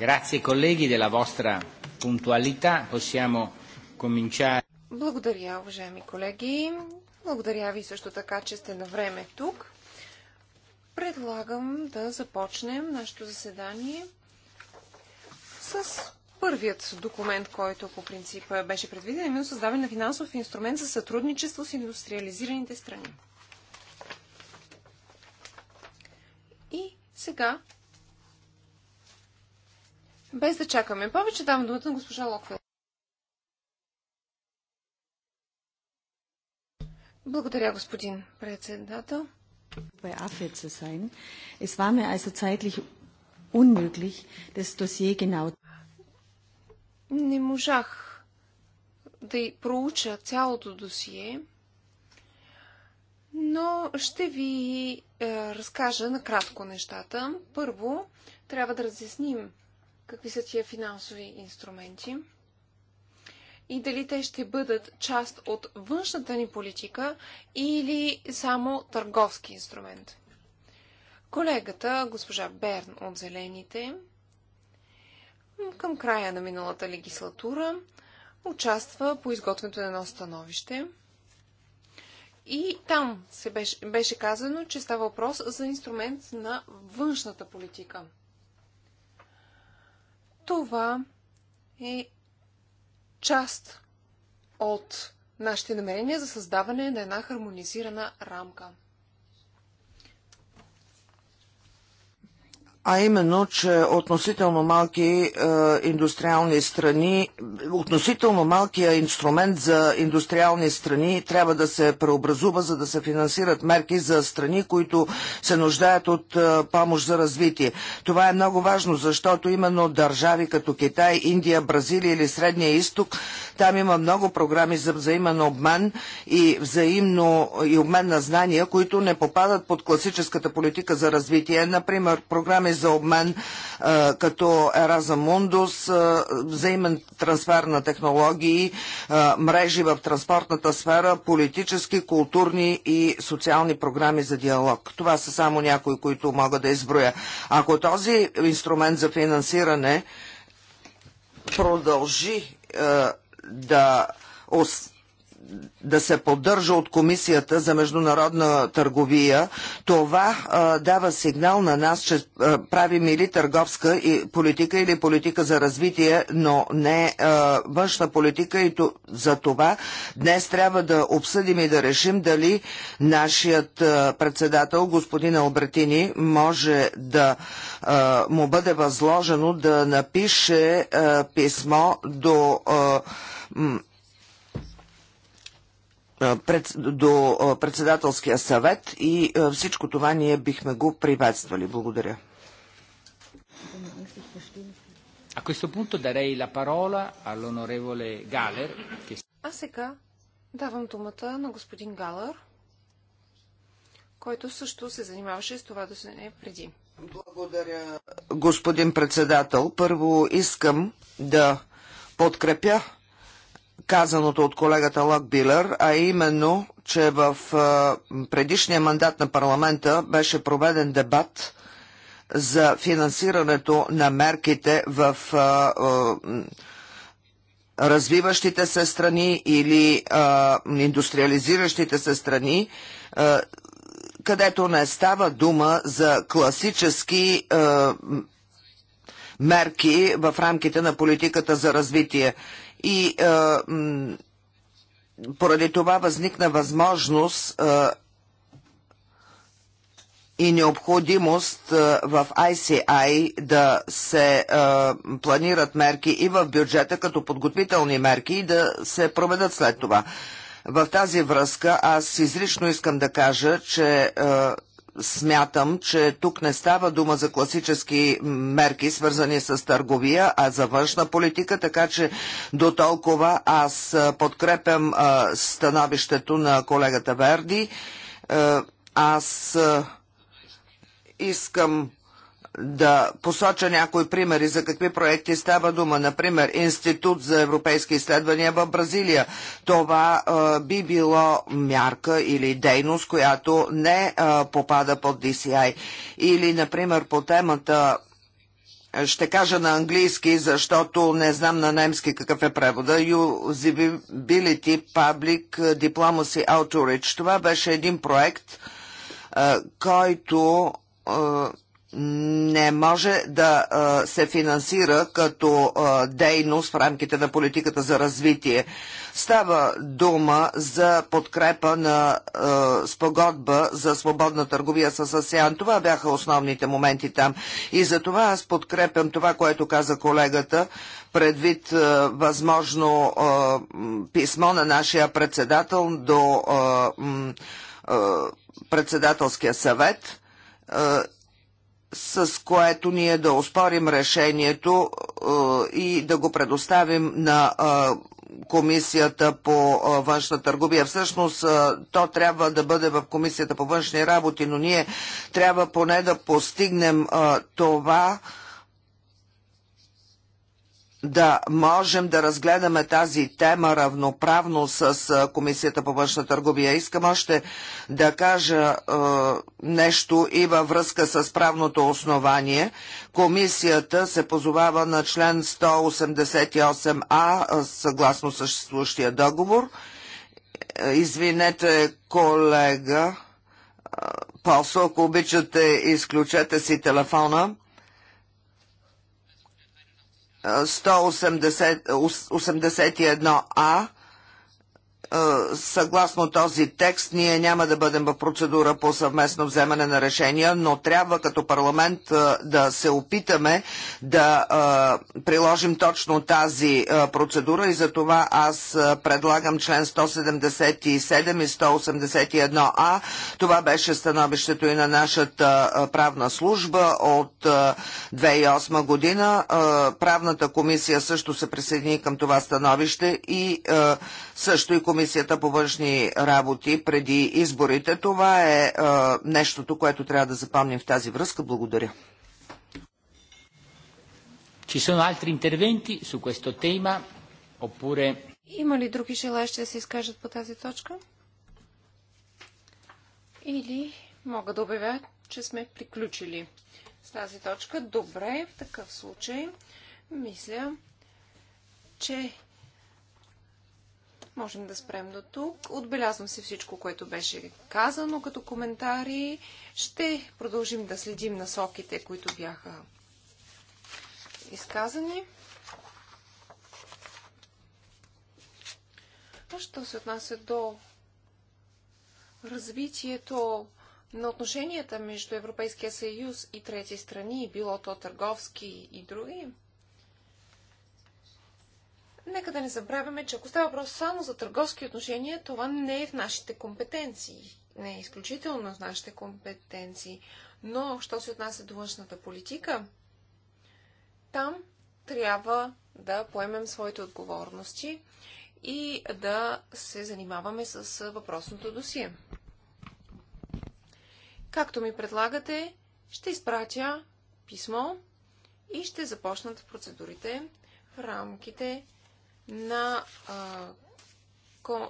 Grazie colleghi della vostra puntualità. Possiamo cominciare. Благодаря, уважаеми колеги. Благодаря ви също така, че сте на време тук. Предлагам да започнем нашето заседание с първият документ, който по принцип беше предвиден, именно създаване на финансов инструмент за сътрудничество с индустриализираните страни. И сега без да чакаме повече, давам думата на госпожа Локвел. Благодаря, господин председател. Bei zu sein. Es war mir also zeitlich unmöglich, das Dossier genau. Не можах да проуча цялото досие, но ще ви е, разкажа накратко нещата. Първо, трябва да разясним какви са тия финансови инструменти и дали те ще бъдат част от външната ни политика или само търговски инструмент. Колегата, госпожа Берн от Зелените, към края на миналата легислатура участва по изготвянето на едно становище. И там се беше, беше казано, че става въпрос за инструмент на външната политика – това е част от нашите намерения за създаване на една хармонизирана рамка – а именно, че относително малки е, индустриални страни, относително малкия инструмент за индустриални страни трябва да се преобразува, за да се финансират мерки за страни, които се нуждаят от е, помощ за развитие. Това е много важно, защото именно държави като Китай, Индия, Бразилия или Средния изток, там има много програми за взаимен обмен и взаимно и обмен на знания, които не попадат под класическата политика за развитие. Например, програми програми за обмен като Ераза Мундус, взаимен трансфер на технологии, мрежи в транспортната сфера, политически, културни и социални програми за диалог. Това са само някои, които мога да изброя. Ако този инструмент за финансиране продължи да да се поддържа от Комисията за международна търговия, това а, дава сигнал на нас, че а, правим или търговска и политика, или политика за развитие, но не а, външна политика и то, за това днес трябва да обсъдим и да решим дали нашият а, председател, господин Албертини, може да а, му бъде възложено да напише а, писмо до а, пред, до председателския съвет и всичко това ние бихме го приветствали. Благодаря. A questo punto darei la parola all'onorevole Galer. Che... А сега давам думата на господин Галър, който също се занимаваше с това да се не преди. Благодаря, господин председател. Първо искам да подкрепя казаното от колегата Билер, а именно, че в предишния мандат на парламента беше проведен дебат за финансирането на мерките в развиващите се страни или индустриализиращите се страни, където не става дума за класически мерки в рамките на политиката за развитие и поради това възникна възможност и необходимост в ICI да се планират мерки и в бюджета като подготвителни мерки и да се проведат след това. В тази връзка аз изрично искам да кажа, че смятам, че тук не става дума за класически мерки, свързани с търговия, а за външна политика, така че до толкова аз подкрепям становището на колегата Верди. аз искам да посоча някои примери за какви проекти става дума. Например, Институт за европейски изследвания в Бразилия. Това а, би било мярка или дейност, която не а, попада под DCI. Или, например, по темата ще кажа на английски, защото не знам на немски какъв е превода. Usability Public Diplomacy Outreach. Това беше един проект, който не може да се финансира като дейност в рамките на политиката за развитие. Става дума за подкрепа на спогодба за свободна търговия с АСЕАН. Това бяха основните моменти там. И за това аз подкрепям това, което каза колегата, предвид възможно писмо на нашия председател до председателския съвет – с което ние да оспорим решението е, и да го предоставим на е, Комисията по е, външна търговия. Всъщност то трябва да бъде в Комисията по външни работи, но ние трябва поне да постигнем това, да можем да разгледаме тази тема равноправно с Комисията по външна търговия. Искам още да кажа е, нещо и във връзка с правното основание. Комисията се позовава на член 188а съгласно съществуващия договор. Извинете, колега, Пасо, ако обичате, изключете си телефона. 181А е, съгласно този текст ние няма да бъдем в процедура по съвместно вземане на решения, но трябва като парламент е, да се опитаме да е, приложим точно тази процедура и за това аз предлагам член 177 и 181а. Това беше становището и на нашата правна служба от 2008 година. Правната комисия също се присъедини към това становище и също и комисията Комисията по външни работи преди изборите. Това е, е нещото, което трябва да запомним в тази връзка. Благодаря. Ci sono altri interventi su questo tema? Oppure... Има ли други желаящи да се изкажат по тази точка? Или мога да обявя, че сме приключили с тази точка. Добре, в такъв случай мисля, че Можем да спрем до тук. Отбелязвам се всичко, което беше казано като коментари. Ще продължим да следим насоките, които бяха изказани. А що се отнася до развитието на отношенията между Европейския съюз и трети страни, било то търговски и други, нека да не забравяме, че ако става въпрос само за търговски отношения, това не е в нашите компетенции. Не е изключително в нашите компетенции. Но, що се отнася до външната политика, там трябва да поемем своите отговорности и да се занимаваме с въпросното досие. Както ми предлагате, ще изпратя писмо и ще започнат процедурите в рамките на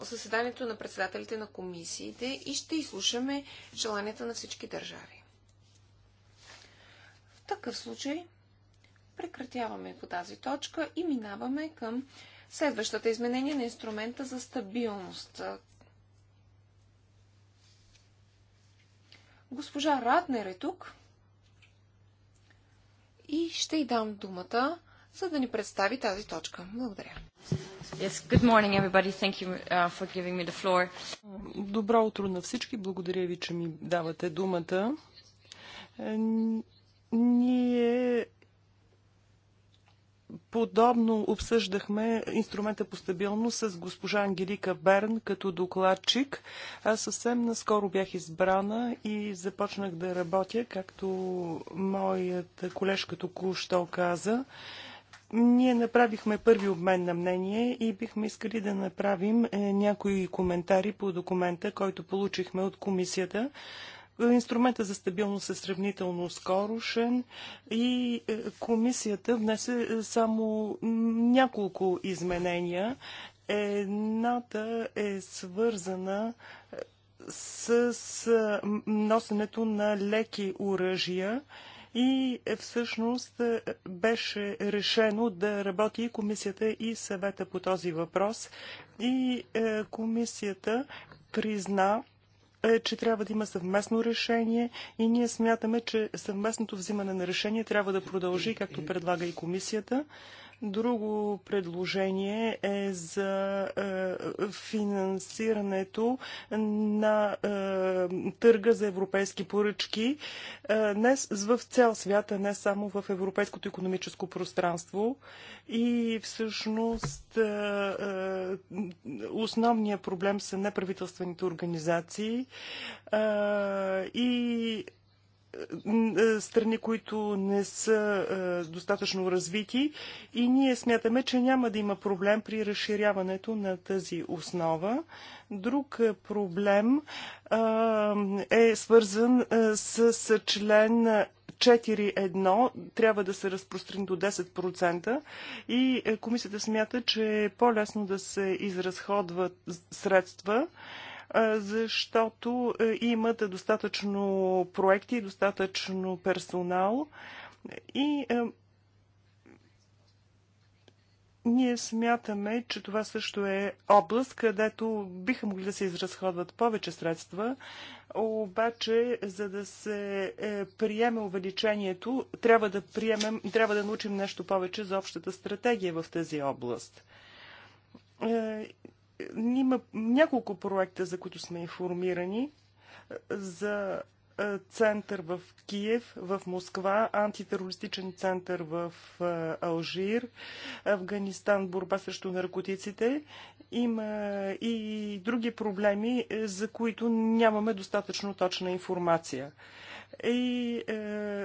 съседанието на председателите на комисиите и ще изслушаме желанията на всички държави. В такъв случай прекратяваме по тази точка и минаваме към следващата изменение на инструмента за стабилност. Госпожа Ратнер е тук и ще й дам думата за да ни представи тази точка. Благодаря. Yes, good morning everybody. Thank you uh, for giving me the floor. Добро утро на всички. Благодаря ви, че ми давате думата. Е, ние подобно обсъждахме инструмента по стабилност с госпожа Ангелика Берн като докладчик. Аз съвсем наскоро бях избрана и започнах да работя, както моята колежка току-що каза. Ние направихме първи обмен на мнение и бихме искали да направим е, някои коментари по документа, който получихме от комисията. Инструмента за стабилност е сравнително скорошен и е, комисията внесе е, само няколко изменения. Едната е свързана с носенето на леки оръжия и е, всъщност е, беше решено да работи и комисията и съвета по този въпрос и е, комисията призна, че трябва да има съвместно решение и ние смятаме, че съвместното взимане на решение трябва да продължи, както предлага и комисията. Друго предложение е за е, финансирането на е, търга за европейски поръчки е, в цял свят, а не само в европейското економическо пространство. И всъщност основният проблем са неправителствените организации и е, е, страни, които не са е, достатъчно развити и ние смятаме, че няма да има проблем при разширяването на тази основа. Друг проблем е свързан с член 4.1 трябва да се разпространи до 10% и комисията смята, че е по-лесно да се изразходват средства защото е, имат достатъчно проекти, достатъчно персонал и е, ние смятаме, че това също е област, където биха могли да се изразходват повече средства, обаче за да се е, приеме увеличението, трябва да, приемем, трябва да научим нещо повече за общата стратегия в тази област. Има няколко проекта, за които сме информирани, за център в Киев, в Москва, антитерористичен център в Алжир, Афганистан, борба срещу наркотиците. Има и други проблеми, за които нямаме достатъчно точна информация и е,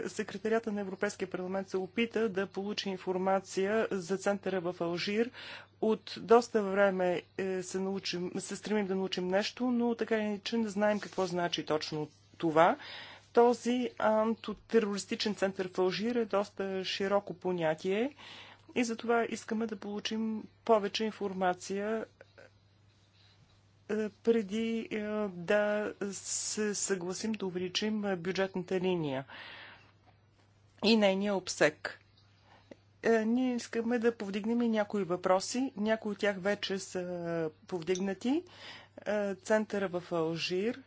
секретарята на Европейския парламент се опита да получи информация за центъра в Алжир. От доста време е, се, научим, се стремим да научим нещо, но така иначе не знаем какво значи точно това. Този антотерористичен център в Алжир е доста широко понятие и затова искаме да получим повече информация е, преди е, да се съгласим да увеличим бюджетната линия и нейния обсек. Е, ние искаме да повдигнем и някои въпроси. Някои от тях вече са повдигнати. Центъра в Алжир.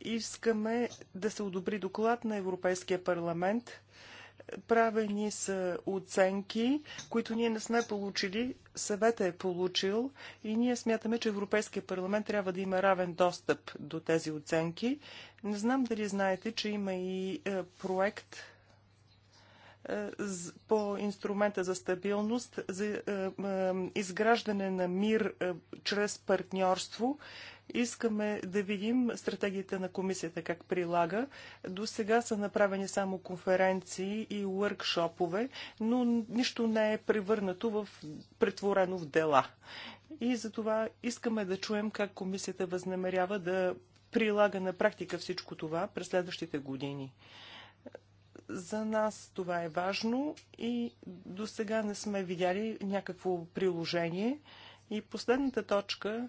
Искаме да се одобри доклад на Европейския парламент – правени са оценки, които ние не сме получили, съвета е получил и ние смятаме, че Европейския парламент трябва да има равен достъп до тези оценки. Не знам дали знаете, че има и е, проект по инструмента за стабилност, за е, е, изграждане на мир е, чрез партньорство. Искаме да видим стратегията на комисията как прилага. До сега са направени само конференции и уъркшопове, но нищо не е превърнато в претворено в дела. И затова искаме да чуем как комисията възнамерява да прилага на практика всичко това през следващите години. За нас това е важно и до сега не сме видяли някакво приложение. И последната точка,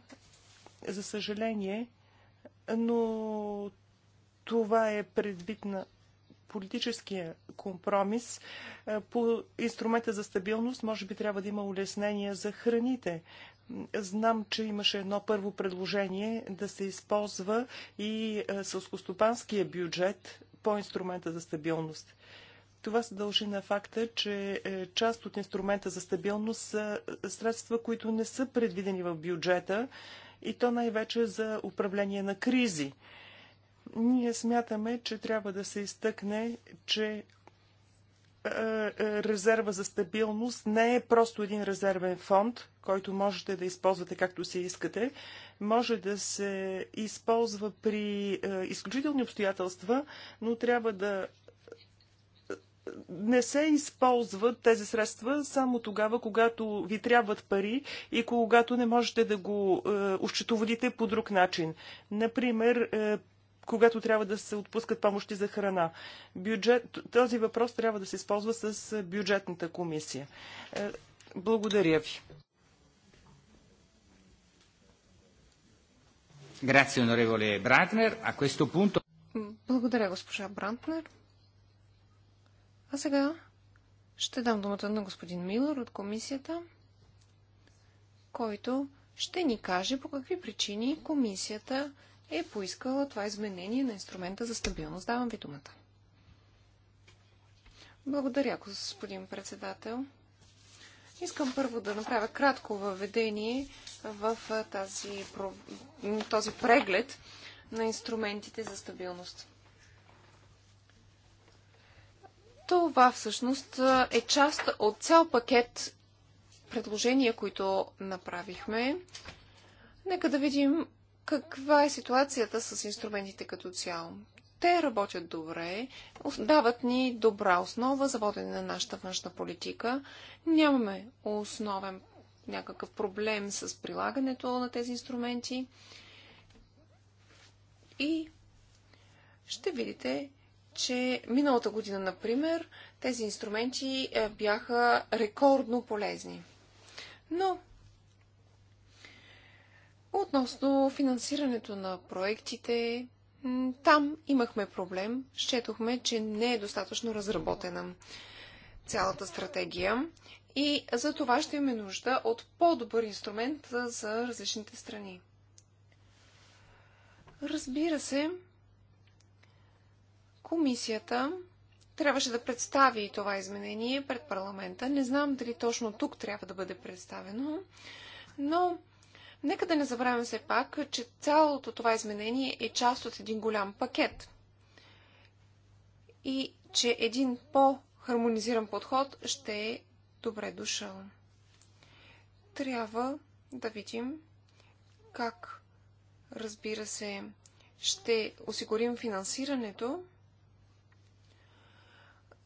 за съжаление, но това е предвид на политическия компромис е, по инструмента за стабилност, може би трябва да има улеснения за храните. Знам, че имаше едно първо предложение да се използва и е, сълскостопанския бюджет по инструмента за стабилност. Това се дължи на факта, че е, част от инструмента за стабилност са е, средства, които не са предвидени в бюджета и то най-вече за управление на кризи. Ние смятаме, че трябва да се изтъкне, че е, е, резерва за стабилност не е просто един резервен фонд, който можете да използвате както си искате. Може да се използва при е, изключителни обстоятелства, но трябва да не се използват тези средства само тогава, когато ви трябват пари и когато не можете да го е, ощетоводите по друг начин. Например, е, когато трябва да се отпускат помощи за храна. Бюджет, този въпрос трябва да се използва с бюджетната комисия. Е, благодаря ви. Grazie onorevole Братнер. A questo punto... Благодаря, госпожа Брантнер. А сега ще дам думата на господин Милър от комисията, който ще ни каже по какви причини комисията е поискала това изменение на инструмента за стабилност. Давам ви думата. Благодаря, господин председател. Искам първо да направя кратко въведение в тази, този преглед на инструментите за стабилност. Това всъщност е част от цял пакет предложения, които направихме. Нека да видим каква е ситуацията с инструментите като цяло. Те работят добре, дават ни добра основа за водене на нашата външна политика. Нямаме основен някакъв проблем с прилагането на тези инструменти. И ще видите, че миналата година, например, тези инструменти е, бяха рекордно полезни. Но Относно финансирането на проектите, там имахме проблем. Щетохме, че не е достатъчно разработена цялата стратегия и за това ще имаме нужда от по-добър инструмент за различните страни. Разбира се, комисията трябваше да представи това изменение пред парламента. Не знам дали точно тук трябва да бъде представено, но Нека да не забравим все пак, че цялото това изменение е част от един голям пакет. И че един по-хармонизиран подход ще е добре дошъл. Трябва да видим как, разбира се, ще осигурим финансирането.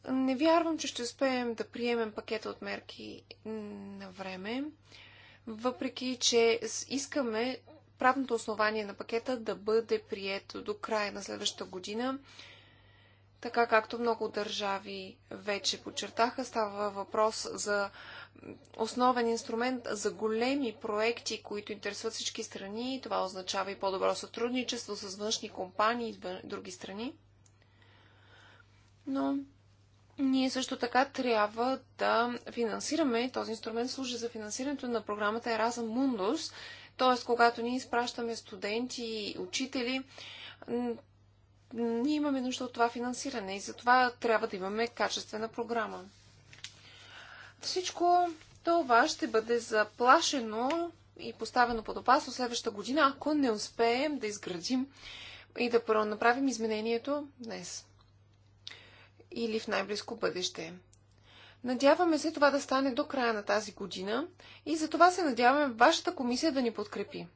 Не вярвам, че ще успеем да приемем пакета от мерки на време въпреки че искаме правното основание на пакета да бъде прието до края на следващата година. Така както много държави вече подчертаха, става въпрос за основен инструмент за големи проекти, които интересуват всички страни. Това означава и по-добро сътрудничество с външни компании и други страни. Но ние също така трябва да финансираме, този инструмент служи за финансирането на програмата Erasmus Mundus, т.е. когато ние изпращаме студенти и учители, ние имаме нужда от това финансиране и затова трябва да имаме качествена програма. Всичко това ще бъде заплашено и поставено под опасност следващата година, ако не успеем да изградим и да направим изменението днес или в най-близко бъдеще. Надяваме се това да стане до края на тази година и за това се надяваме вашата комисия да ни подкрепи.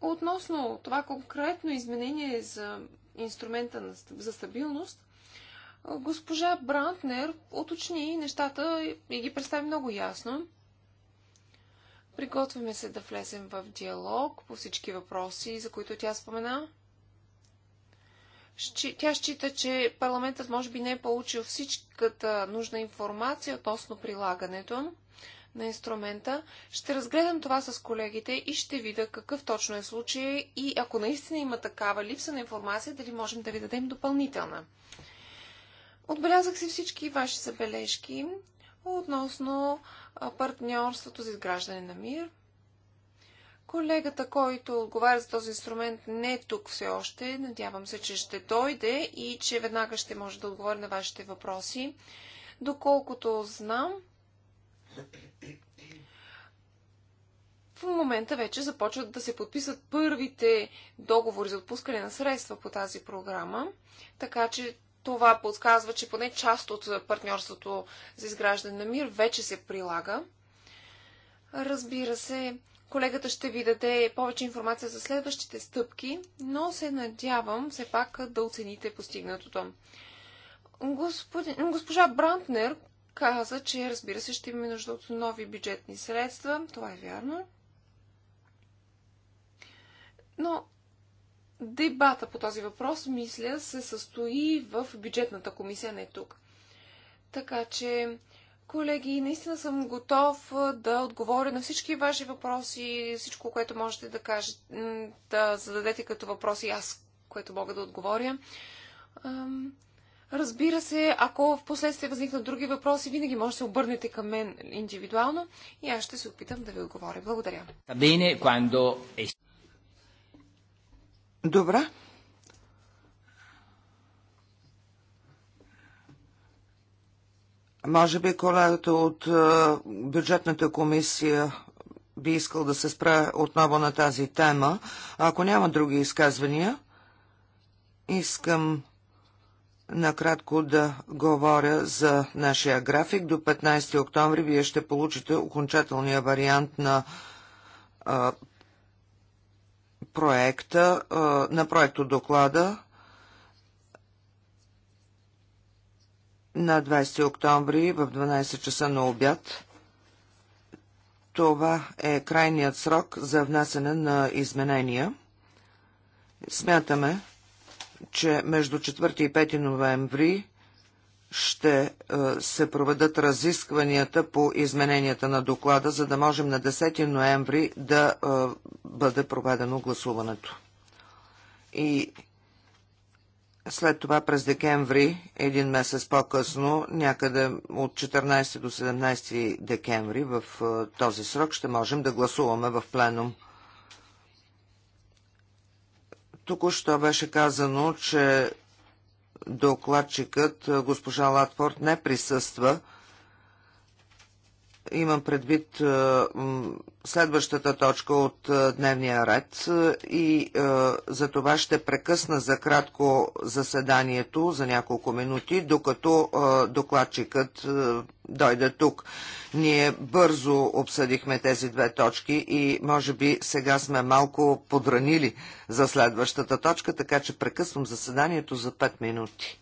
Относно това конкретно изменение за инструмента за стабилност, госпожа Брантнер уточни нещата и ги представи много ясно. Приготвяме се да влезем в диалог по всички въпроси, за които тя спомена. Тя счита, че парламентът може би не е получил всичката нужна информация относно прилагането на инструмента. Ще разгледам това с колегите и ще видя какъв точно е случай и ако наистина има такава липса на информация, дали можем да ви дадем допълнителна. Отбелязах си всички ваши забележки относно партньорството за изграждане на мир – Колегата, който отговаря за този инструмент, не е тук все още. Надявам се, че ще дойде и че веднага ще може да отговори на вашите въпроси. Доколкото знам, в момента вече започват да се подписват първите договори за отпускане на средства по тази програма, така че това подсказва, че поне част от партньорството за изграждане на мир вече се прилага. Разбира се, Колегата ще ви даде повече информация за следващите стъпки, но се надявам все пак да оцените постигнатото. Господин, госпожа Брантнер каза, че разбира се ще имаме нужда от нови бюджетни средства. Това е вярно. Но дебата по този въпрос, мисля, се състои в бюджетната комисия, не тук. Така че Колеги, наистина съм готов да отговоря на всички ваши въпроси, всичко, което можете да кажете, да зададете като въпроси аз, което мога да отговоря. Разбира се, ако в последствие възникнат други въпроси, винаги може да се обърнете към мен индивидуално и аз ще се опитам да ви отговоря. Благодаря. Е- Добре. Може би колегата от е, бюджетната комисия би искал да се спра отново на тази тема. Ако няма други изказвания, искам накратко да говоря за нашия график. До 15 октомври вие ще получите окончателния вариант на а, е, проекта, а, е, на проекто доклада на 20 октомври в 12 часа на обяд. Това е крайният срок за внасене на изменения. Смятаме, че между 4 и 5 ноември ще е, се проведат разискванията по измененията на доклада, за да можем на 10 ноември да е, бъде проведено гласуването. И след това през декември, един месец по-късно, някъде от 14 до 17 декември в този срок ще можем да гласуваме в пленум. Току-що беше казано, че докладчикът госпожа Латфорд не присъства – имам предвид е, следващата точка от е, дневния ред е, и за това ще прекъсна за кратко заседанието за няколко минути, докато докладчикът дойде тук. Ние бързо обсъдихме тези две точки и може би сега сме малко подранили за следващата точка, така че прекъсвам заседанието за 5 минути.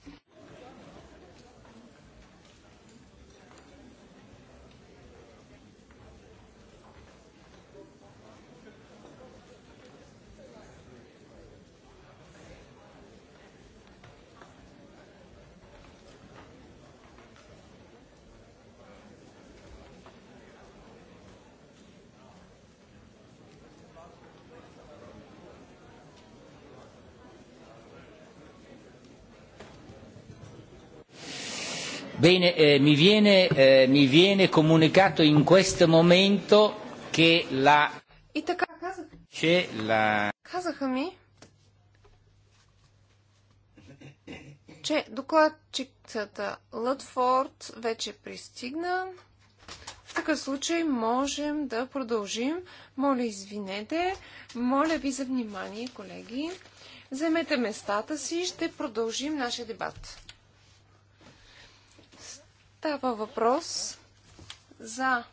Bene, eh, mi, viene, eh, mi viene comunicato in questo momento che la... И така казаха Че la... Казаха ми, че докладчицата Лътфорд вече пристигна. В такъв случай можем да продължим. Моля, извинете. Моля ви за внимание, колеги. Вземете местата си, ще продължим нашия дебат. Става въпрос за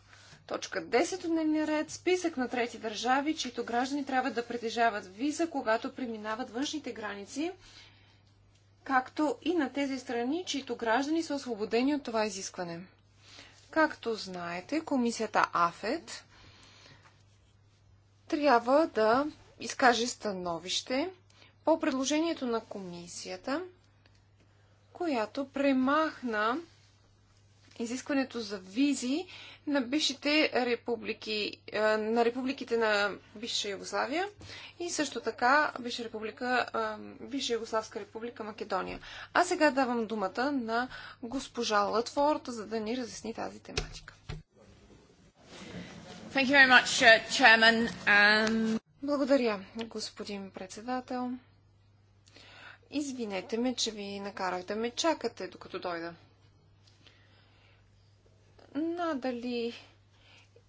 точка 10 от дневния ред, списък на трети държави, чието граждани трябва да притежават виза, когато преминават външните граници, както и на тези страни, чието граждани са освободени от това изискване. Както знаете, комисията АФЕД трябва да изкаже становище по предложението на комисията, която премахна изискването за визи на бившите републики, на републиките на бивша Югославия и също така бивша, република, бивша Югославска република Македония. А сега давам думата на госпожа Лътфорд, за да ни разясни тази тематика. Much, uh, um... Благодаря, господин председател. Извинете ме, че ви накарах да ме чакате, докато дойда. Надали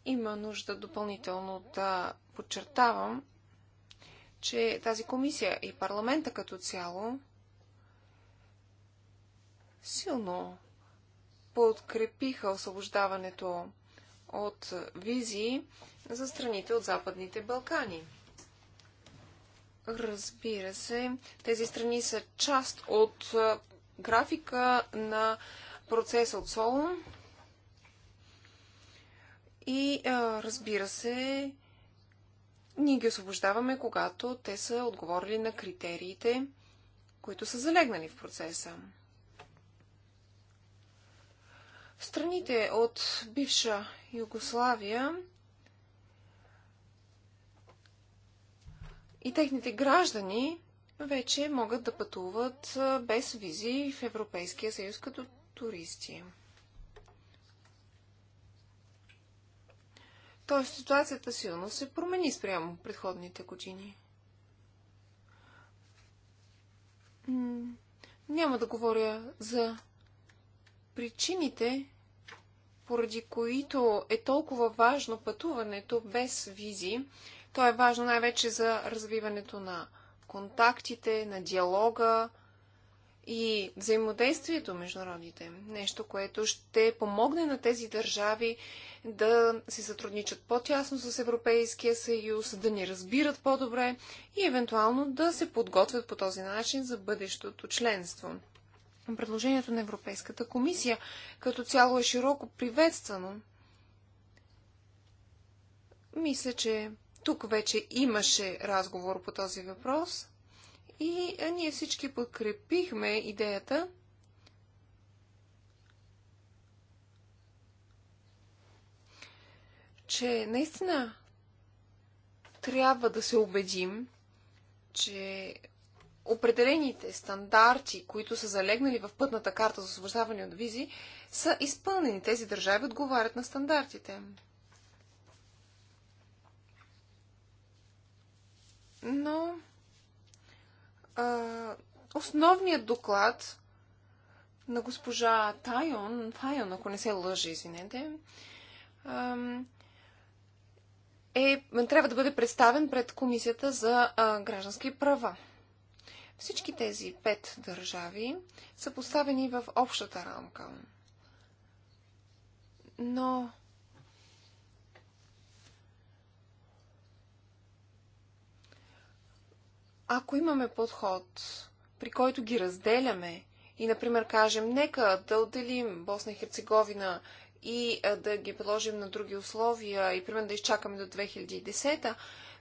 има нужда допълнително да подчертавам, че тази комисия и парламента като цяло силно подкрепиха освобождаването от визии за страните от Западните Балкани. Разбира се, тези страни са част от графика на процеса от Солун и а, разбира се, ние ги освобождаваме, когато те са отговорили на критериите, които са залегнали в процеса. Страните от бивша Югославия и техните граждани вече могат да пътуват без визи в Европейския съюз като туристи. Тоест ситуацията силно се промени спрямо предходните години. Няма да говоря за причините, поради които е толкова важно пътуването без визи. То е важно най-вече за развиването на контактите, на диалога, и взаимодействието между народите. Нещо, което ще помогне на тези държави да се сътрудничат по-тясно с Европейския съюз, да ни разбират по-добре и евентуално да се подготвят по този начин за бъдещото членство. Предложението на Европейската комисия като цяло е широко приветствано. Мисля, че тук вече имаше разговор по този въпрос – и ние всички подкрепихме идеята че наистина трябва да се убедим, че определените стандарти, които са залегнали в пътната карта за освобождаване от визи, са изпълнени. Тези държави отговарят на стандартите. Но основният доклад на госпожа Тайон, Файон, ако не се лъжи, извинете, е, трябва да бъде представен пред Комисията за граждански права. Всички тези пет държави са поставени в общата рамка. Но Ако имаме подход, при който ги разделяме и, например, кажем, нека да отделим Босна и Херцеговина и да ги предложим на други условия и, примерно, да изчакаме до 2010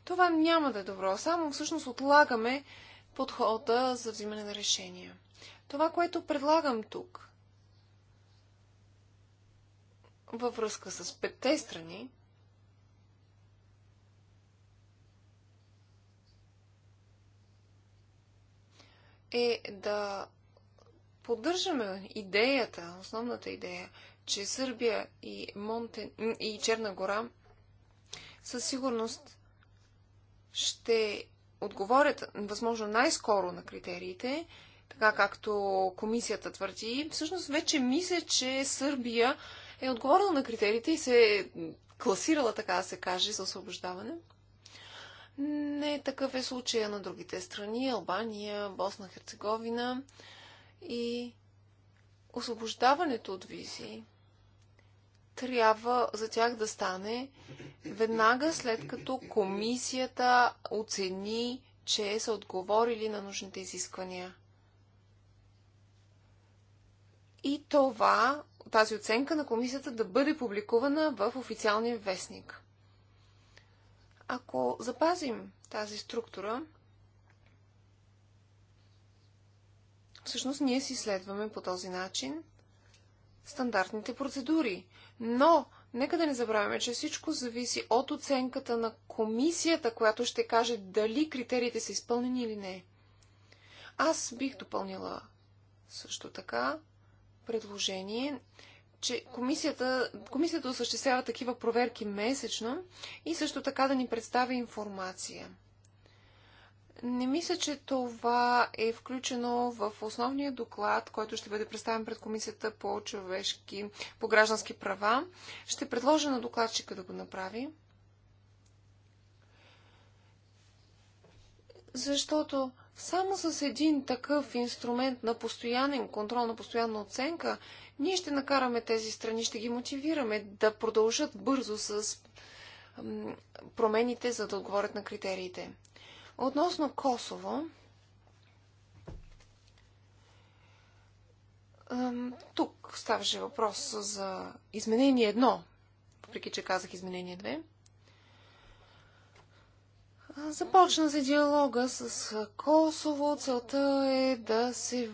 това няма да е добро. Само всъщност отлагаме подхода за взимане на решения. Това, което предлагам тук във връзка с петте страни, е да поддържаме идеята, основната идея, че Сърбия и, Монте... и Черна гора със сигурност ще отговорят възможно най-скоро на критериите, така както комисията твърди. Всъщност вече мисля, че Сърбия е отговорила на критериите и се е класирала, така да се каже, за освобождаване. Не такъв е случая на другите страни Албания, Босна, Херцеговина и освобождаването от визи трябва за тях да стане веднага след като комисията оцени, че са отговорили на нужните изисквания. И това, тази оценка на комисията да бъде публикувана в официалния вестник. Ако запазим тази структура, всъщност ние си следваме по този начин стандартните процедури. Но, нека да не забравяме, че всичко зависи от оценката на комисията, която ще каже дали критериите са изпълнени или не. Аз бих допълнила също така предложение че комисията, комисията осъществява такива проверки месечно и също така да ни представя информация. Не мисля, че това е включено в основния доклад, който ще бъде представен пред Комисията по човешки, по граждански права. Ще предложа на докладчика да го направи. Защото само с един такъв инструмент на постоянен контрол, на постоянна оценка, ние ще накараме тези страни, ще ги мотивираме да продължат бързо с промените, за да отговорят на критериите. Относно Косово, тук ставаше въпрос за изменение едно, въпреки че казах изменение две. Започна се диалога с Косово. Целта е да се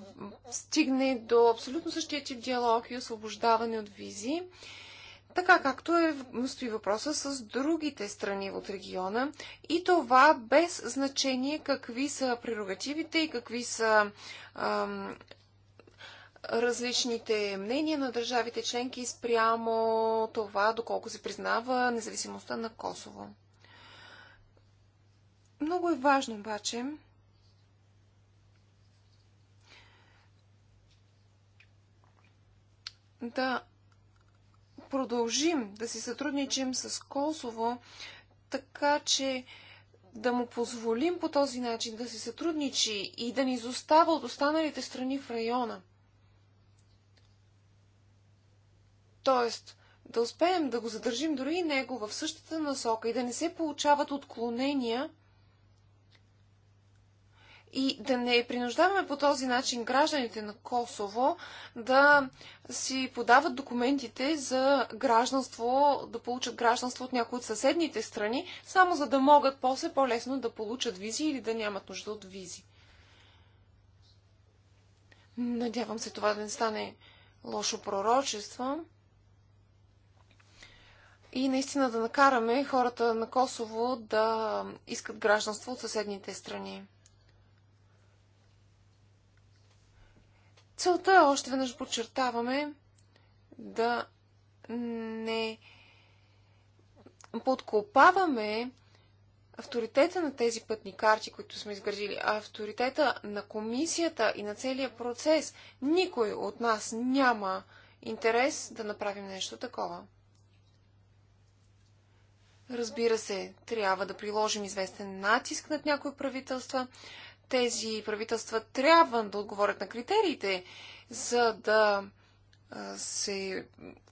стигне до абсолютно същия тип диалог и освобождаване от визи. Така както е, стои въпроса с другите страни от региона и това без значение какви са прерогативите и какви са ам, различните мнения на държавите членки спрямо това, доколко се признава независимостта на Косово. Много е важно обаче да продължим да си сътрудничим с Косово, така че да му позволим по този начин да се сътрудничи и да ни изостава от останалите страни в района. Тоест, да успеем да го задържим дори и него в същата насока и да не се получават отклонения – и да не принуждаваме по този начин гражданите на Косово да си подават документите за гражданство, да получат гражданство от някои от съседните страни, само за да могат после по-лесно да получат визи или да нямат нужда от визи. Надявам се това да не стане лошо пророчество. И наистина да накараме хората на Косово да искат гражданство от съседните страни. Целта е, още веднъж подчертаваме, да не подкопаваме авторитета на тези пътни карти, които сме изградили, а авторитета на комисията и на целия процес. Никой от нас няма интерес да направим нещо такова. Разбира се, трябва да приложим известен натиск над някои правителства, тези правителства трябва да отговорят на критериите, за да се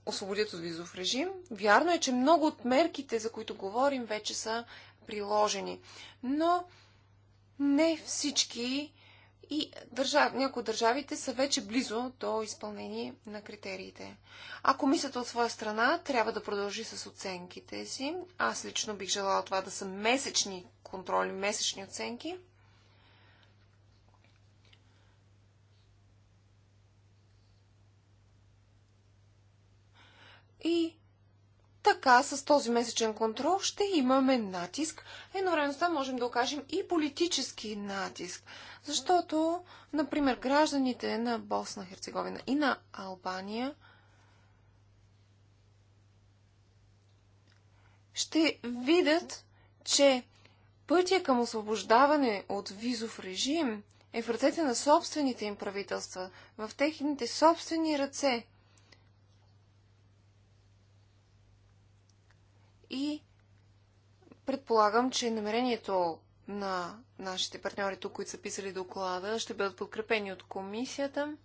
освободят от визов режим. Вярно е, че много от мерките, за които говорим, вече са приложени. Но не всички и държав, някои от държавите са вече близо до изпълнение на критериите. А комисията от своя страна трябва да продължи с оценките си. Аз лично бих желала това да са месечни контроли, месечни оценки – И така, с този месечен контрол ще имаме натиск. Едновременно с това можем да окажем и политически натиск. Защото, например, гражданите на Босна, Херцеговина и на Албания ще видят, че пътя към освобождаване от визов режим е в ръцете на собствените им правителства, в техните собствени ръце. И предполагам, че намерението на нашите партньори тук, които са писали доклада, ще бъдат подкрепени от комисията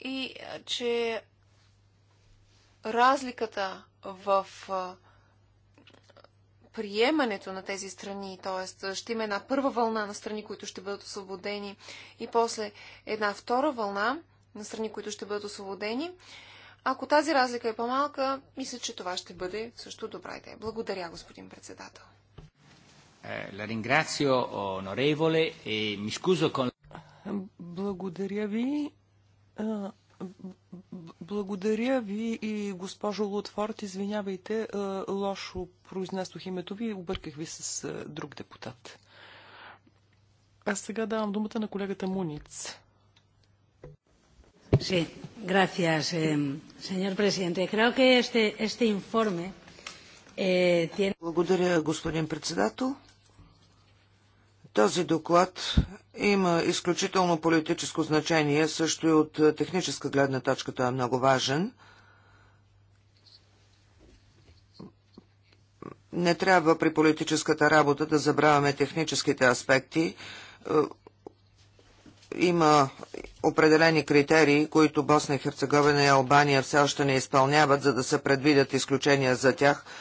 и че разликата в приемането на тези страни, т.е. ще има една първа вълна на страни, които ще бъдат освободени и после една втора вълна на страни, които ще бъдат освободени, ако тази разлика е по-малка, мисля, че това ще бъде също добра идея. Благодаря, господин председател. Е, e благодаря ви. Благодаря ви и госпожо Лотфорд, извинявайте, лошо произнесох името ви, обърках ви с друг депутат. Аз сега давам думата на колегата Муниц. Sí, gracias, eh, señor presidente. Creo que este, este informe eh, tiene... Благодаря, господин председател. Този доклад има изключително политическо значение, също и от е, техническа гледна точка той е много важен. Не трябва при политическата работа да забравяме техническите аспекти. Е, има определени критерии, които Босна и Херцеговина и Албания все още не изпълняват, за да се предвидят изключения за тях –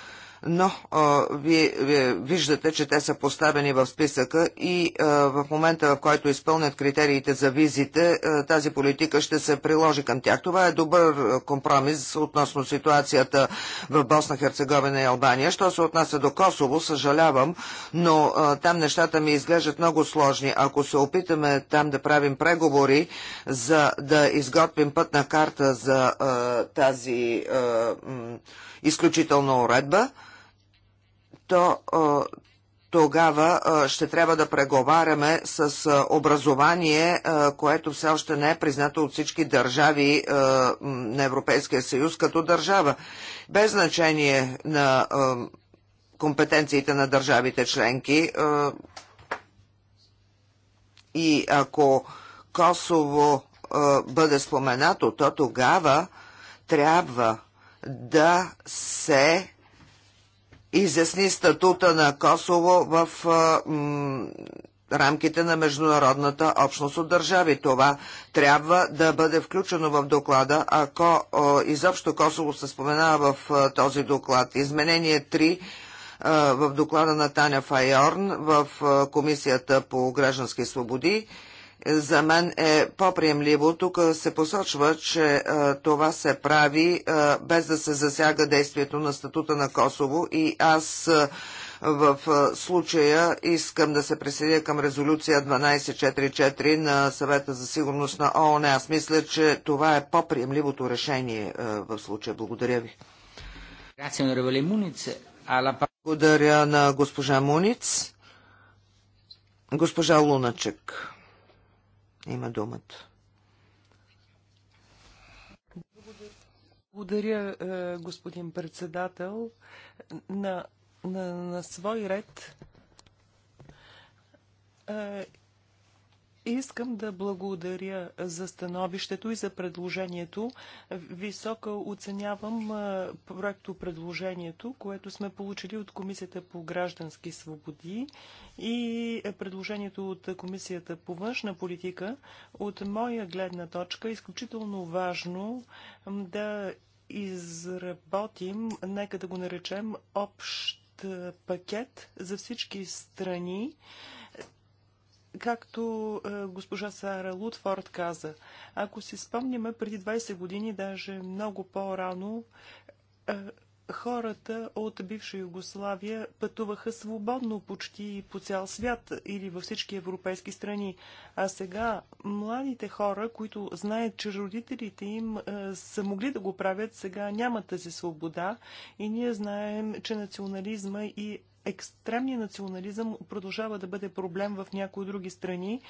но а, вие, вие виждате, че те са поставени в списъка и а, в момента, в който изпълнят критериите за визите, а, тази политика ще се приложи към тях. Това е добър компромис относно ситуацията в Босна, Херцеговина и Албания. Що се отнася до Косово, съжалявам, но а, там нещата ми изглеждат много сложни. Ако се опитаме там да правим преговори, за да изготвим пътна карта за а, тази а, изключителна уредба, то тогава ще трябва да преговаряме с образование, което все още не е признато от всички държави на Европейския съюз като държава. Без значение на компетенциите на държавите членки и ако Косово бъде споменато, то тогава трябва да се изясни статута на Косово в рамките на международната общност от държави. Това трябва да бъде включено в доклада, ако изобщо Косово се споменава в този доклад. Изменение 3 в доклада на Таня Файорн в Комисията по граждански свободи за мен е по-приемливо. Тук се посочва, че а, е, това се прави а, е, без да се засяга действието на статута на Косово и аз а, е, в случая искам да се присъединя към резолюция 1244 на съвета за сигурност на ООН. Аз мисля, че това е по-приемливото решение в случая. Благодаря ви. Благодаря на госпожа Муниц. Госпожа Луначек има думата. Благодаря, е, господин председател. На, на, на свой ред е, Искам да благодаря за становището и за предложението. Високо оценявам проекто предложението, което сме получили от Комисията по граждански свободи и предложението от Комисията по външна политика. От моя гледна точка е изключително важно да изработим, нека да го наречем, общ пакет за всички страни, както е, госпожа Сара Лутфорд каза, ако си спомняме преди 20 години, даже много по-рано, е, хората от бивша Югославия пътуваха свободно почти по цял свят или във всички европейски страни. А сега младите хора, които знаят, че родителите им е, са могли да го правят, сега нямат тази свобода и ние знаем, че национализма и екстремният национализъм продължава да бъде проблем в някои други страни,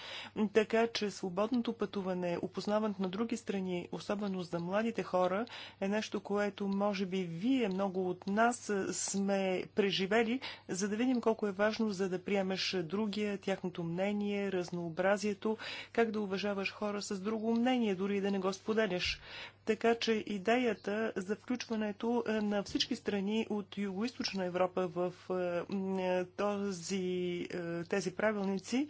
така че свободното пътуване, опознаването на други страни, особено за младите хора, е нещо, което може би вие много от нас сме преживели, за да видим колко е важно, за да приемеш другия, тяхното мнение, разнообразието, как да уважаваш хора с друго мнение, дори и да не го споделяш. Така че идеята за включването на всички страни от Юго-Источна Европа в е, този, е, тези правилници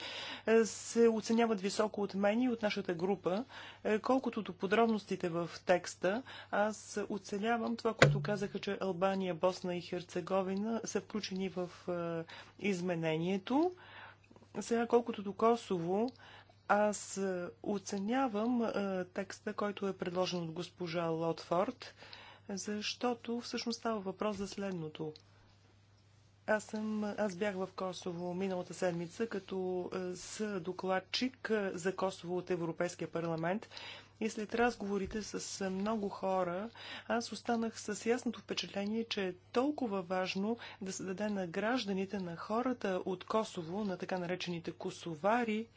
е, се оценяват високо от мен и от нашата група. Е, колкото до подробностите в текста, аз оценявам това, което казаха, че Албания, Босна и Херцеговина са включени в изменението. Сега, колкото до Косово, аз оценявам текста, който е предложен от госпожа Лотфорд, защото всъщност става въпрос за следното – аз, съм, аз бях в Косово миналата седмица като е, с докладчик е, за Косово от Европейския парламент и след разговорите с много хора, аз останах с ясното впечатление, че е толкова важно да се даде на гражданите, на хората от Косово, на така наречените косовари,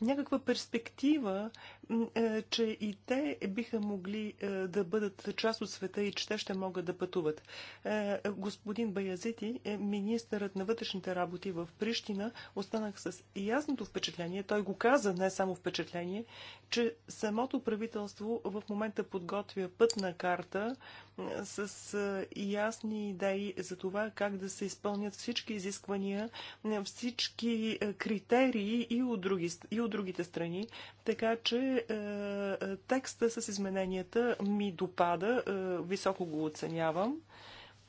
някаква перспектива, е, че и те биха могли е, да бъдат част от света и че те ще могат да пътуват. Е, господин Баязити, министърът на вътрешните работи в Прищина, останах с ясното впечатление, той го каза, не само впечатление, че самото правителство правителство в момента подготвя пътна карта с ясни идеи за това как да се изпълнят всички изисквания, всички критерии и от, други, и от другите страни. Така че текста с измененията ми допада, високо го оценявам.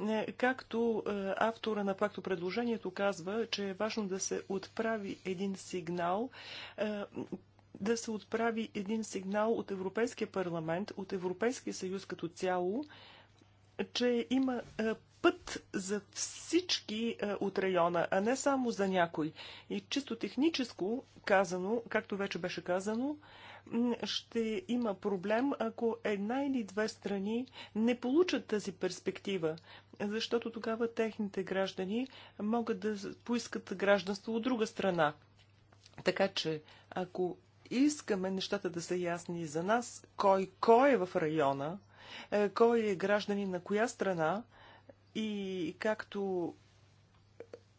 Е, както автора на пакто предложението казва, че е важно да се отправи един сигнал е, да се отправи един сигнал от Европейския парламент, от Европейския съюз като цяло, че има е, път за всички е, от района, а не само за някой. И чисто техническо казано, както вече беше казано, ще има проблем, ако една или две страни не получат тази перспектива, защото тогава техните граждани могат да поискат гражданство от друга страна. Така че, ако Искаме нещата да са ясни за нас, кой, кой е в района, е, кой е граждани на коя страна и както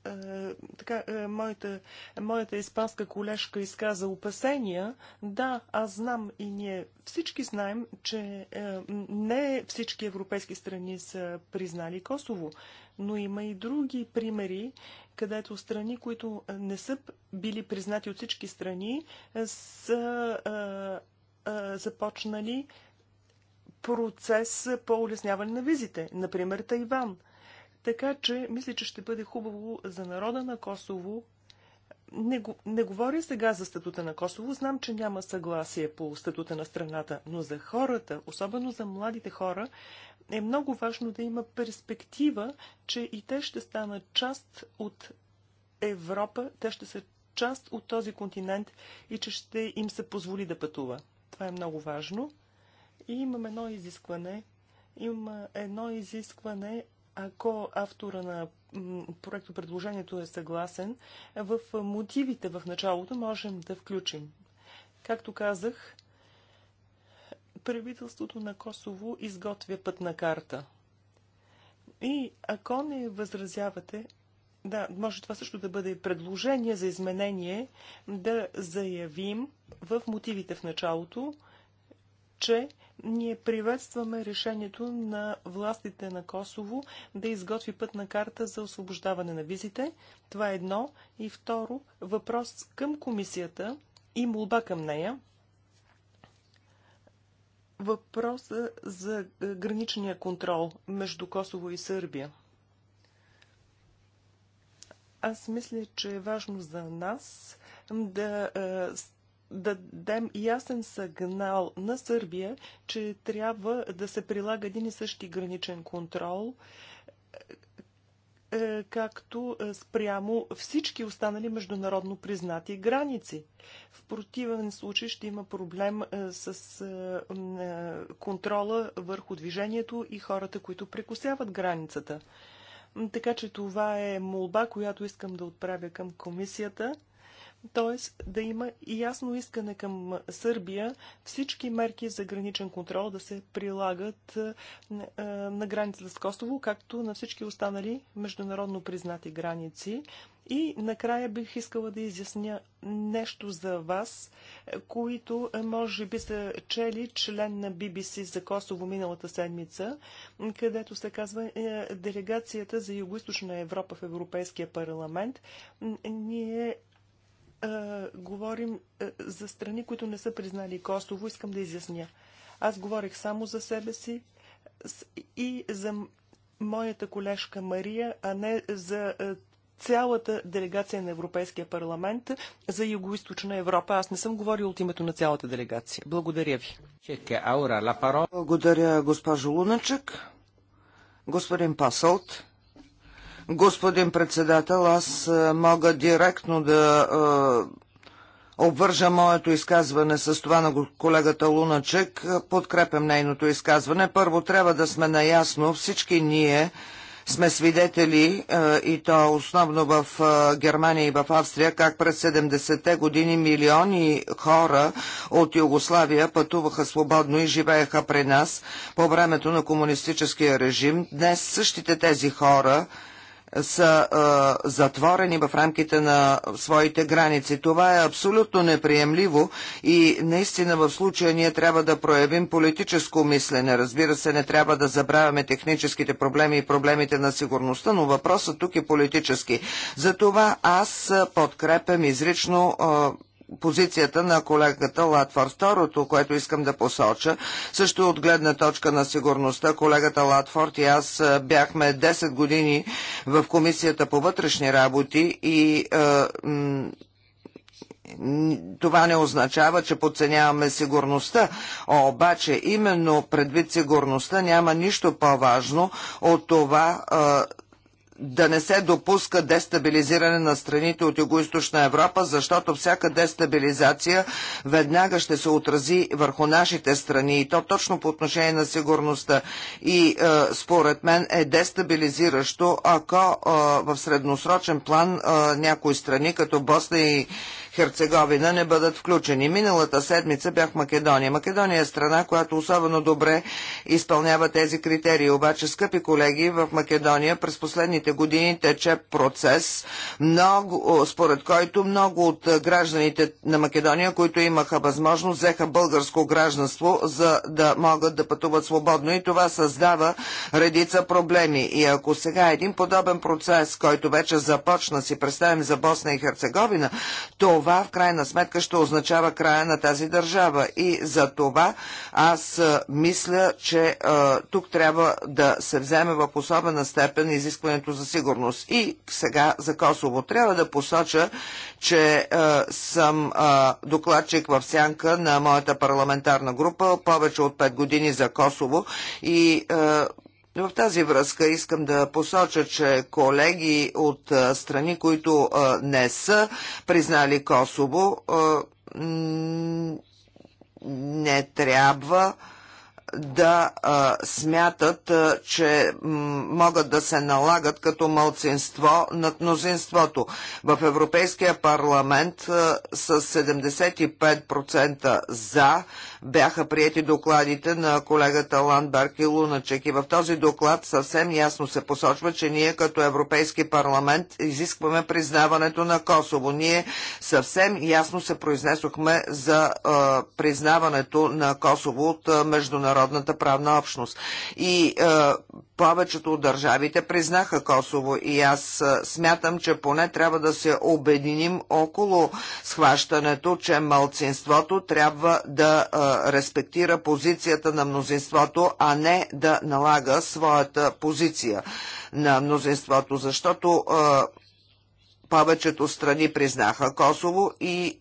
е, така, е, моята, моята испанска колежка изказа опасения. Да, аз знам и ние всички знаем, че не всички европейски страни са признали Косово, но има и други примери където страни, които не са били признати от всички страни, са а, а, започнали процес по улесняване на визите, например Тайван. Така че мисля, че ще бъде хубаво за народа на Косово не, не говоря сега за статута на Косово. Знам, че няма съгласие по статута на страната, но за хората, особено за младите хора, е много важно да има перспектива, че и те ще станат част от Европа, те ще са част от този континент и че ще им се позволи да пътува. Това е много важно. И имам едно изискване. Има едно изискване, ако автора на проекто предложението е съгласен, в мотивите в началото можем да включим. Както казах, правителството на Косово изготвя пътна карта. И ако не възразявате, да, може това също да бъде предложение за изменение, да заявим в мотивите в началото, че ние приветстваме решението на властите на Косово да изготви пътна карта за освобождаване на визите. Това е едно. И второ, въпрос към комисията и молба към нея. Въпрос за граничния контрол между Косово и Сърбия. Аз мисля, че е важно за нас да да дадем ясен сигнал на Сърбия, че трябва да се прилага един и същи граничен контрол, е, както спрямо всички останали международно признати граници. В противен случай ще има проблем е, с е, контрола върху движението и хората, които прекусяват границата. Така че това е молба, която искам да отправя към комисията т.е. да има и ясно искане към Сърбия всички мерки за граничен контрол да се прилагат е, е, на границата с Косово, както на всички останали международно признати граници. И накрая бих искала да изясня нещо за вас, които е, може би са чели член на BBC за Косово миналата седмица, където се казва Делегацията за Юго-Источна Европа в Европейския парламент. Ние говорим за страни, които не са признали Косово. Искам да изясня. Аз говорих само за себе си и за моята колежка Мария, а не за цялата делегация на Европейския парламент за Юго-Источна Европа. Аз не съм говорил от името на цялата делегация. Благодаря ви. Благодаря, госпожо Луначек. Господин Пасолт. Господин председател, аз е, мога директно да е, обвържа моето изказване с това на колегата Луначек. Подкрепям нейното изказване. Първо трябва да сме наясно всички ние, сме свидетели е, и то основно в Германия и в Австрия, как през 70-те години милиони хора от Югославия пътуваха свободно и живееха при нас по времето на комунистическия режим. Днес същите тези хора са а, затворени в рамките на своите граници. Това е абсолютно неприемливо и наистина в случая ние трябва да проявим политическо мислене. Разбира се, не трябва да забравяме техническите проблеми и проблемите на сигурността, но въпросът тук е политически. Затова аз подкрепям изрично а, позицията на колегата Латвор. Второто, което искам да посоча, също от гледна точка на сигурността, колегата Латфорд и аз бяхме 10 години в Комисията по вътрешни работи и това не означава, че подценяваме сигурността, обаче именно предвид сигурността няма нищо по-важно от това да не се допуска дестабилизиране на страните от Юго-Источна Европа, защото всяка дестабилизация веднага ще се отрази върху нашите страни и то точно по отношение на сигурността. И е, според мен е дестабилизиращо, ако е, в средносрочен план е, някои страни, като Босна и Херцеговина не бъдат включени. Миналата седмица бях в Македония. Македония е страна, която особено добре изпълнява тези критерии. Обаче, скъпи колеги, в Македония през последните години тече процес, много, според който много от гражданите на Македония, които имаха възможност, взеха българско гражданство, за да могат да пътуват свободно и това създава редица проблеми. И ако сега един подобен процес, който вече започна, си представим за Босна и Херцеговина, то това в крайна сметка ще означава края на тази държава. И за това аз мисля, че а, тук трябва да се вземе в особена степен изискването за сигурност. И сега за Косово трябва да посоча, че а, съм а, докладчик в сянка на моята парламентарна група повече от 5 години за Косово и а, в тази връзка искам да посоча, че колеги от страни, които не са признали Косово, не трябва да а, смятат, а, че могат да се налагат като мълцинство над мнозинството. В Европейския парламент а, с 75% за бяха приети докладите на колегата Ландберг и Луначек. И в този доклад съвсем ясно се посочва, че ние като Европейски парламент изискваме признаването на Косово. Ние съвсем ясно се произнесохме за а, признаването на Косово от а, международната правна общност. И а, повечето от държавите признаха Косово и аз смятам, че поне трябва да се обединим около схващането, че малцинството трябва да респектира позицията на мнозинството, а не да налага своята позиция на мнозинството, защото повечето страни признаха Косово и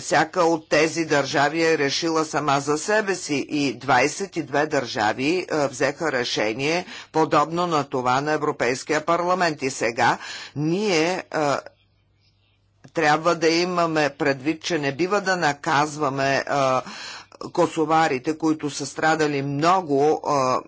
всяка от тези държави е решила сама за себе си и 22 държави взеха решение подобно на това на Европейския парламент. И сега ние трябва да имаме предвид, че не бива да наказваме а, косоварите, които са страдали много а,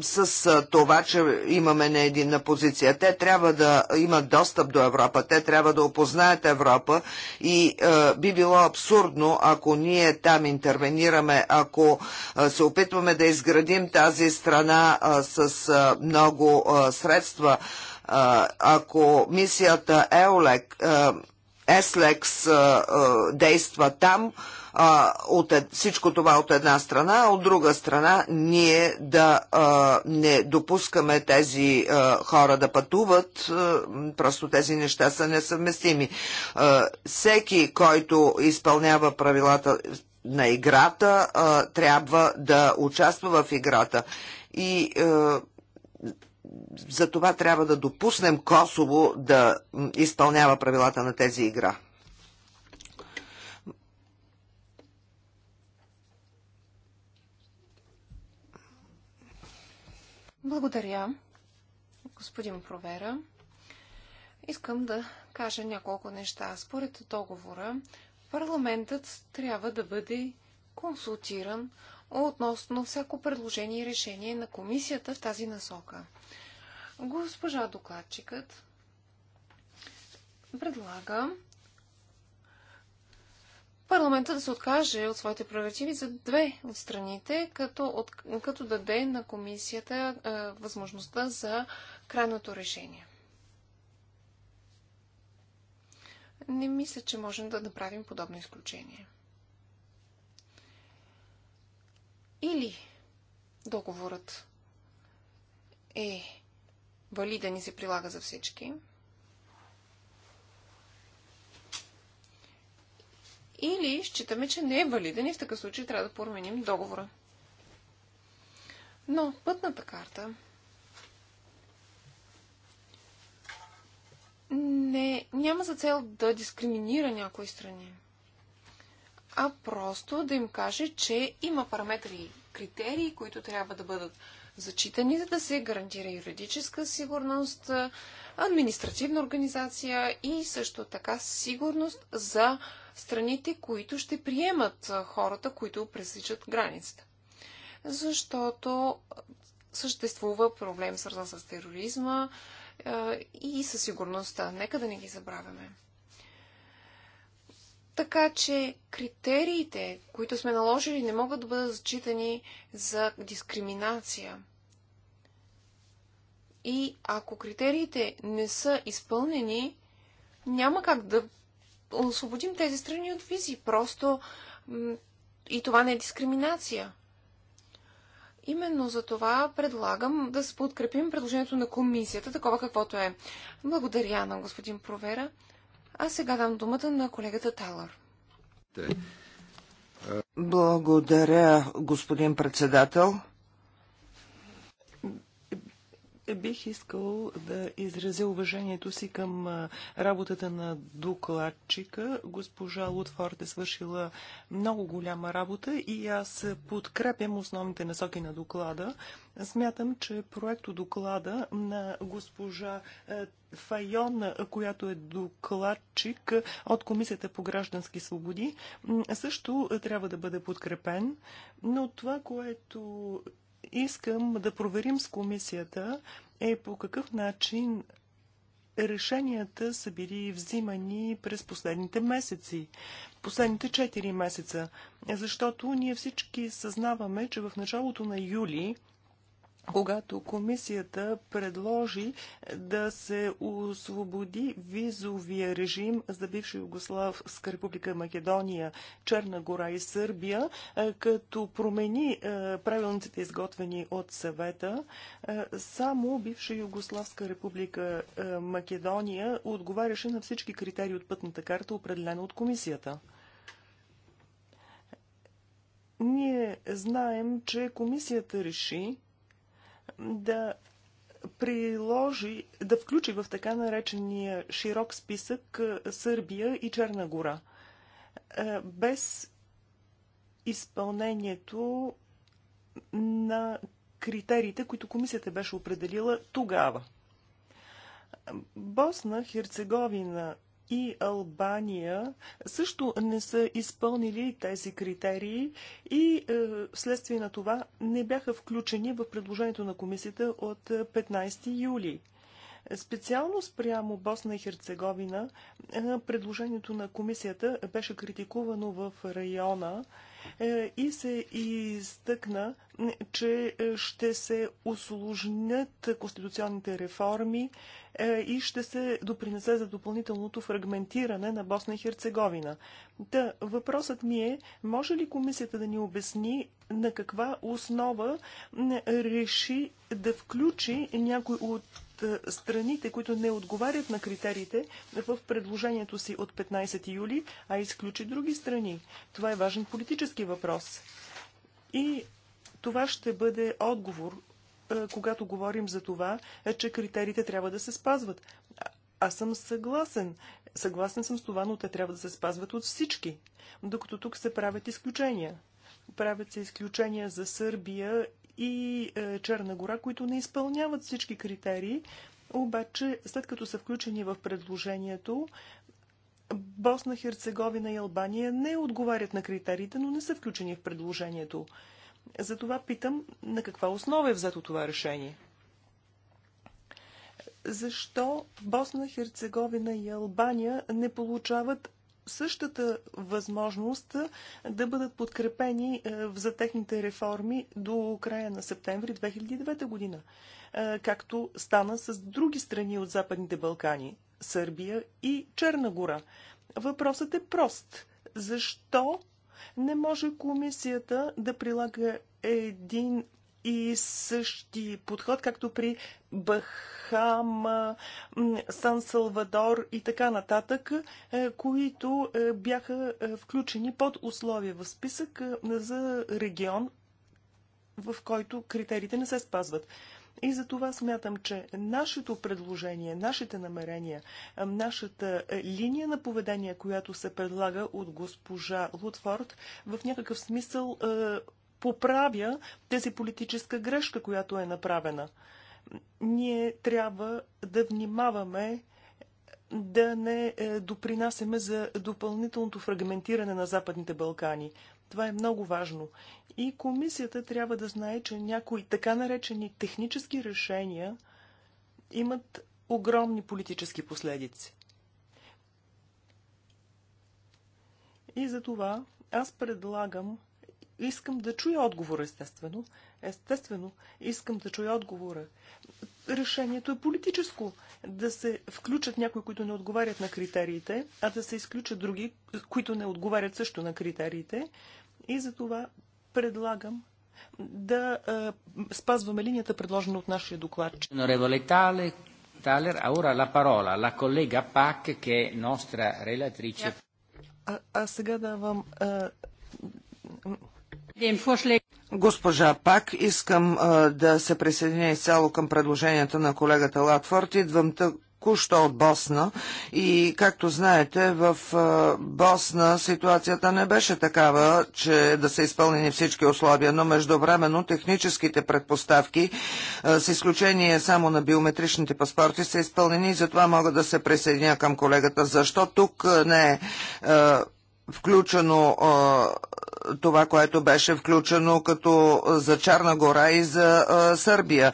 с а, това, че имаме не единна позиция. Те трябва да имат достъп до Европа, те трябва да опознаят Европа и а, би било абсурдно, ако ние там интервенираме, ако а, се опитваме да изградим тази страна а, с а, много а, средства. А, ако мисията ЕОЛЕК, ЕСЛЕКС действа там, от е, всичко това от една страна, а от друга страна ние да а, не допускаме тези а, хора да пътуват, а, просто тези неща са несъвместими. А, всеки, който изпълнява правилата на играта, а, трябва да участва в играта. И а, за това трябва да допуснем Косово да изпълнява правилата на тези игра. Благодаря, господин Провера. Искам да кажа няколко неща. Според договора, парламентът трябва да бъде консултиран относно всяко предложение и решение на комисията в тази насока. Госпожа докладчикът предлага парламента да се откаже от своите прерогативи за две от страните, като, от, като даде на комисията е, възможността за крайното решение. Не мисля, че можем да направим подобно изключение. Или договорът е валиден и се прилага за всички. Или считаме, че не е валиден и в такъв случай трябва да променим договора. Но пътната карта не, няма за цел да дискриминира някои страни а просто да им каже, че има параметри и критерии, които трябва да бъдат зачитани, за да се гарантира юридическа сигурност, административна организация и също така сигурност за страните, които ще приемат хората, които пресичат границата. Защото съществува проблем, свързан с тероризма и със сигурността. Нека да не ги забравяме. Така че критериите, които сме наложили, не могат да бъдат зачитани за дискриминация. И ако критериите не са изпълнени, няма как да освободим тези страни от визи. Просто и това не е дискриминация. Именно за това предлагам да подкрепим предложението на комисията, такова каквото е. Благодаря на господин Провера. А сега дам думата на колегата Талър. Благодаря, господин председател. Бих искал да изразя уважението си към работата на докладчика. Госпожа Лутфорд е свършила много голяма работа и аз подкрепям основните насоки на доклада. Смятам, че проекто доклада на госпожа Файон, която е докладчик от Комисията по граждански свободи, също трябва да бъде подкрепен. Но това, което искам да проверим с комисията е по какъв начин решенията са били взимани през последните месеци, последните 4 месеца, защото ние всички съзнаваме, че в началото на юли когато комисията предложи да се освободи визовия режим за бивша Югославска република Македония, Черна гора и Сърбия, е, като промени е, правилниците изготвени от съвета, е, само бивша Югославска република Македония отговаряше на всички критерии от пътната карта, определена от комисията. Ние знаем, че комисията реши, да приложи, да включи в така наречения широк списък е, Сърбия и Черна гора. Е, без изпълнението на критериите, които комисията беше определила тогава. Босна, Херцеговина, и Албания също не са изпълнили тези критерии и е, вследствие на това не бяха включени в предложението на комисията от 15 е, юли. Специално спрямо Босна и Херцеговина, е, предложението на комисията беше критикувано в района е, и се изтъкна, че е, ще се осложнят конституционните реформи и ще се допринесе за допълнителното фрагментиране на Босна и Херцеговина. Та, въпросът ми е, може ли комисията да ни обясни на каква основа реши да включи някой от е, страните, които не отговарят на критериите в предложението си от 15 юли, а изключи други страни. Това е важен политически въпрос. И това ще бъде отговор, е, когато говорим за това, е, че критериите трябва да се спазват. Аз съм съгласен. Съгласен съм с това, но те трябва да се спазват от всички. Докато тук се правят изключения. Правят се изключения за Сърбия и е, Черна гора, които не изпълняват всички критерии, обаче след като са включени в предложението, Босна, Херцеговина и Албания не отговарят на критериите, но не са включени в предложението. Затова питам на каква основа е взето това решение. Защо Босна, Херцеговина и Албания не получават същата възможност да бъдат подкрепени е, за техните реформи до края на септември 2009 година, е, както стана с други страни от Западните Балкани – Сърбия и Черна гора. Въпросът е прост. Защо не може комисията да прилага един и същи подход, както при Бахама, Сан Салвадор и така нататък, е, които е, бяха е, включени под условия в списък за регион, в който критериите не се спазват. И за това смятам, че нашето предложение, нашите намерения, нашата линия на поведение, която се предлага от госпожа Лутфорд, в някакъв смисъл поправя тази политическа грешка, която е направена. Ние трябва да внимаваме да не е, допринасяме за допълнителното фрагментиране на Западните Балкани. Това е много важно. И комисията трябва да знае, че някои така наречени технически решения имат огромни политически последици. И за това аз предлагам Искам да чуя отговора, естествено. Естествено, искам да чуя отговора. Решението е политическо. Да се включат някои, които не отговарят на критериите, а да се изключат други, които не отговарят също на критериите. И за това предлагам да а, спазваме линията, предложена от нашия доклад. А, а сега давам а, Госпожа Пак, искам а, да се присъединя изцяло към предложенията на колегата Латфорд. Идвам тък току-що от Босна и както знаете в Босна ситуацията не беше такава, че да са изпълнени всички условия, но междувременно техническите предпоставки с изключение само на биометричните паспорти са изпълнени и затова мога да се присъединя към колегата. Защо тук не е включено това, което беше включено като за Чарна гора и за Сърбия.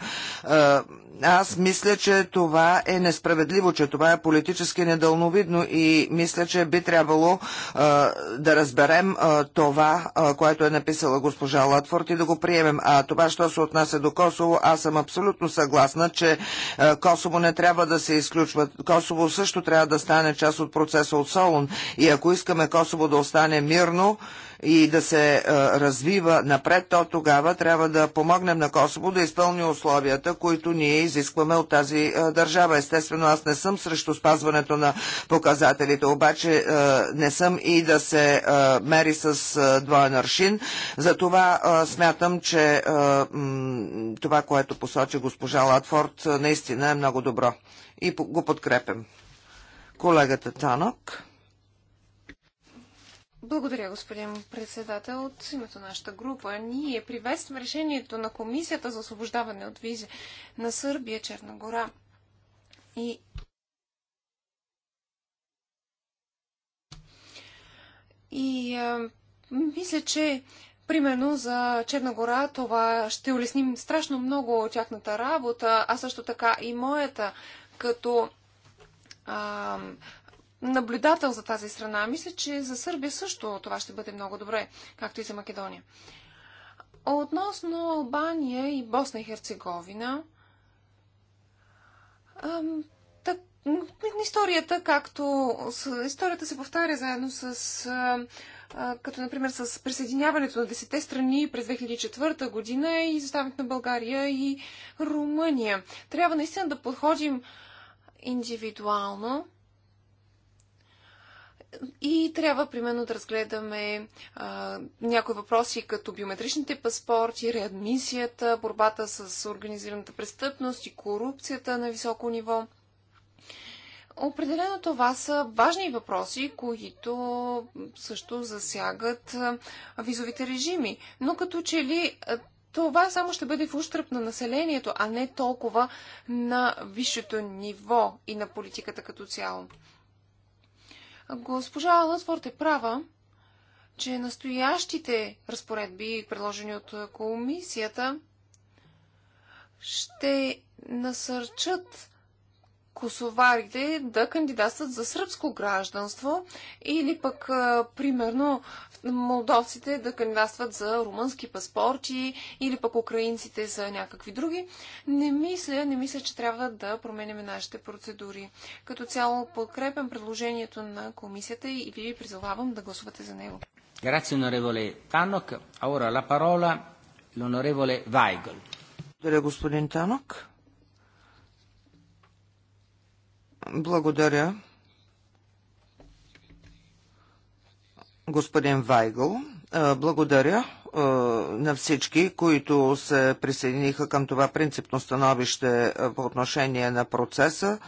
Аз мисля, че това е несправедливо, че това е политически недълновидно и мисля, че би трябвало а, да разберем а, това, а, което е написала госпожа Латфорд и да го приемем. А това, що се отнася до Косово, аз съм абсолютно съгласна, че а, Косово не трябва да се изключва. Косово също трябва да стане част от процеса от Солун. И ако искаме Косово да остане мирно, и да се е, развива напред, то тогава трябва да помогнем на Косово да изпълни условията, които ние изискваме от тази е, държава. Естествено, аз не съм срещу спазването на показателите, обаче е, не съм и да се мери с двоен аршин. Затова смятам, че това, което посочи госпожа Латфорд, наистина е много добро и го подкрепям. Колегата Танок. Благодаря, господин председател. От името на нашата група ние приветстваме решението на Комисията за освобождаване от визи на Сърбия, Черна гора и И а, мисля, че примерно за Черна гора това ще улесним страшно много тяхната работа, а също така и моята, като а, наблюдател за тази страна. Мисля, че за Сърбия също това ще бъде много добре, както и за Македония. Относно Албания и Босна и Херцеговина, ам, так, историята, както историята се повтаря заедно с като например с присъединяването на 10 страни през 2004 година и заставането на България и Румъния. Трябва наистина да подходим индивидуално и трябва, примерно, да разгледаме а, някои въпроси, като биометричните паспорти, реадмисията, борбата с организираната престъпност и корупцията на високо ниво. Определено това са важни въпроси, които също засягат визовите режими. Но като че ли това само ще бъде в ущърп на населението, а не толкова на висшето ниво и на политиката като цяло. Госпожа Лътфорд е права, че настоящите разпоредби, предложени от комисията, ще насърчат косоварите да кандидатстват за сръбско гражданство или пък, примерно, молдовците да кандидатстват за румънски паспорти или пък украинците за някакви други. Не мисля, не мисля, че трябва да променяме нашите процедури. Като цяло подкрепям предложението на комисията и ви призовавам да гласувате за него. Grazie onorevole Tannock. Ora la parola l'onorevole Weigel. Благодаря, господин Танок. Благодаря. господин Вайгъл. Благодаря на всички, които се присъединиха към това принципно становище по отношение на процеса.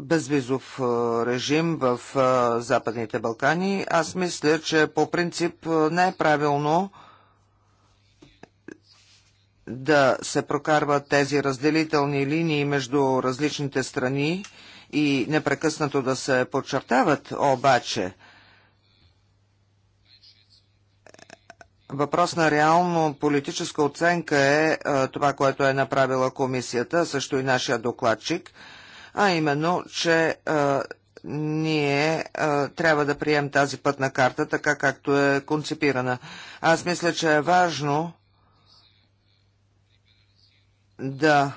Безвизов режим в Западните Балкани. Аз мисля, че по принцип не е правилно да се прокарват тези разделителни линии между различните страни, и непрекъснато да се подчертават, обаче Въпрос на реално политическа оценка е, е това, което е направила комисията, също и нашия докладчик, а именно, че е, ние а, е, трябва да прием тази пътна карта, така както е концепирана. Аз мисля, че е важно да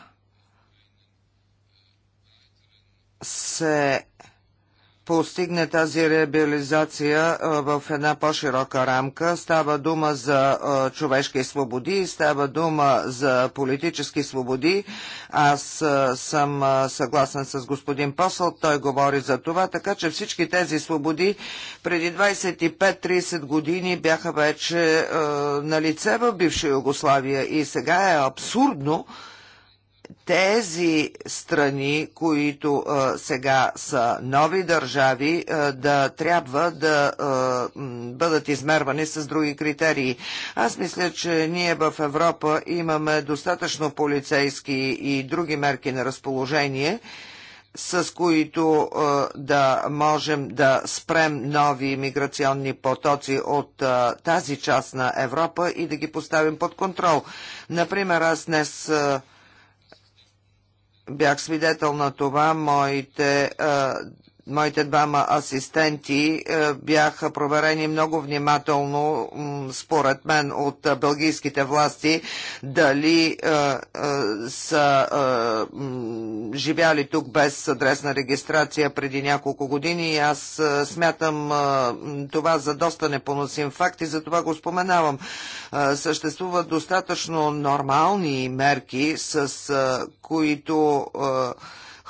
се постигне тази реабилизация в една по-широка рамка. Става дума за човешки свободи, става дума за политически свободи. Аз съм съгласен с господин Посъл, той говори за това, така че всички тези свободи преди 25-30 години бяха вече на лице в бивша Югославия и сега е абсурдно, тези страни, които а, сега са нови държави, а, да трябва да а, бъдат измервани с други критерии. Аз мисля, че ние в Европа имаме достатъчно полицейски и други мерки на разположение, с които а, да можем да спрем нови миграционни потоци от а, тази част на Европа и да ги поставим под контрол. Например, аз днес а, бях свидетел на това, моите а, моите двама асистенти е, бяха проверени много внимателно, според мен, от бългийските власти, дали е, е, са живяли тук без адресна регистрация преди няколко години. Аз смятам това за доста непоносим факт и за това го споменавам. Съществуват достатъчно нормални мерки, с които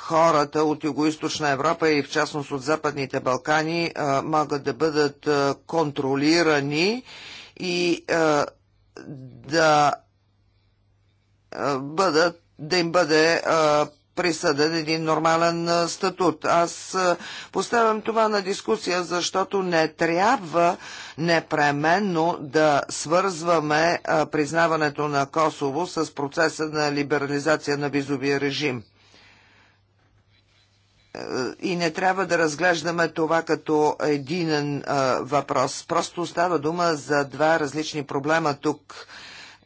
хората от Юго-Источна Европа и в частност от Западните Балкани могат да бъдат контролирани и да бъдат, да им бъде присъден един нормален статут. Аз поставям това на дискусия, защото не трябва непременно да свързваме признаването на Косово с процеса на либерализация на визовия режим. Е, и не трябва да разглеждаме това като един е, въпрос. Просто става дума за два различни проблема тук.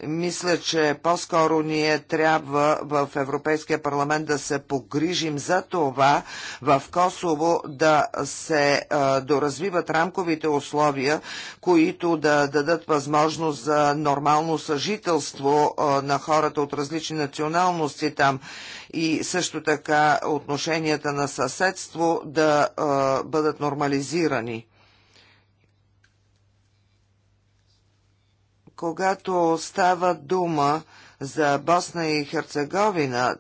Мисля, че по-скоро ние трябва в Европейския парламент да се погрижим за това в Косово да се а, доразвиват рамковите условия, които да дадат възможност за нормално съжителство а, на хората от различни националности там и също така отношенията на съседство да а, бъдат нормализирани. Когато става дума за Босна и Херцеговина,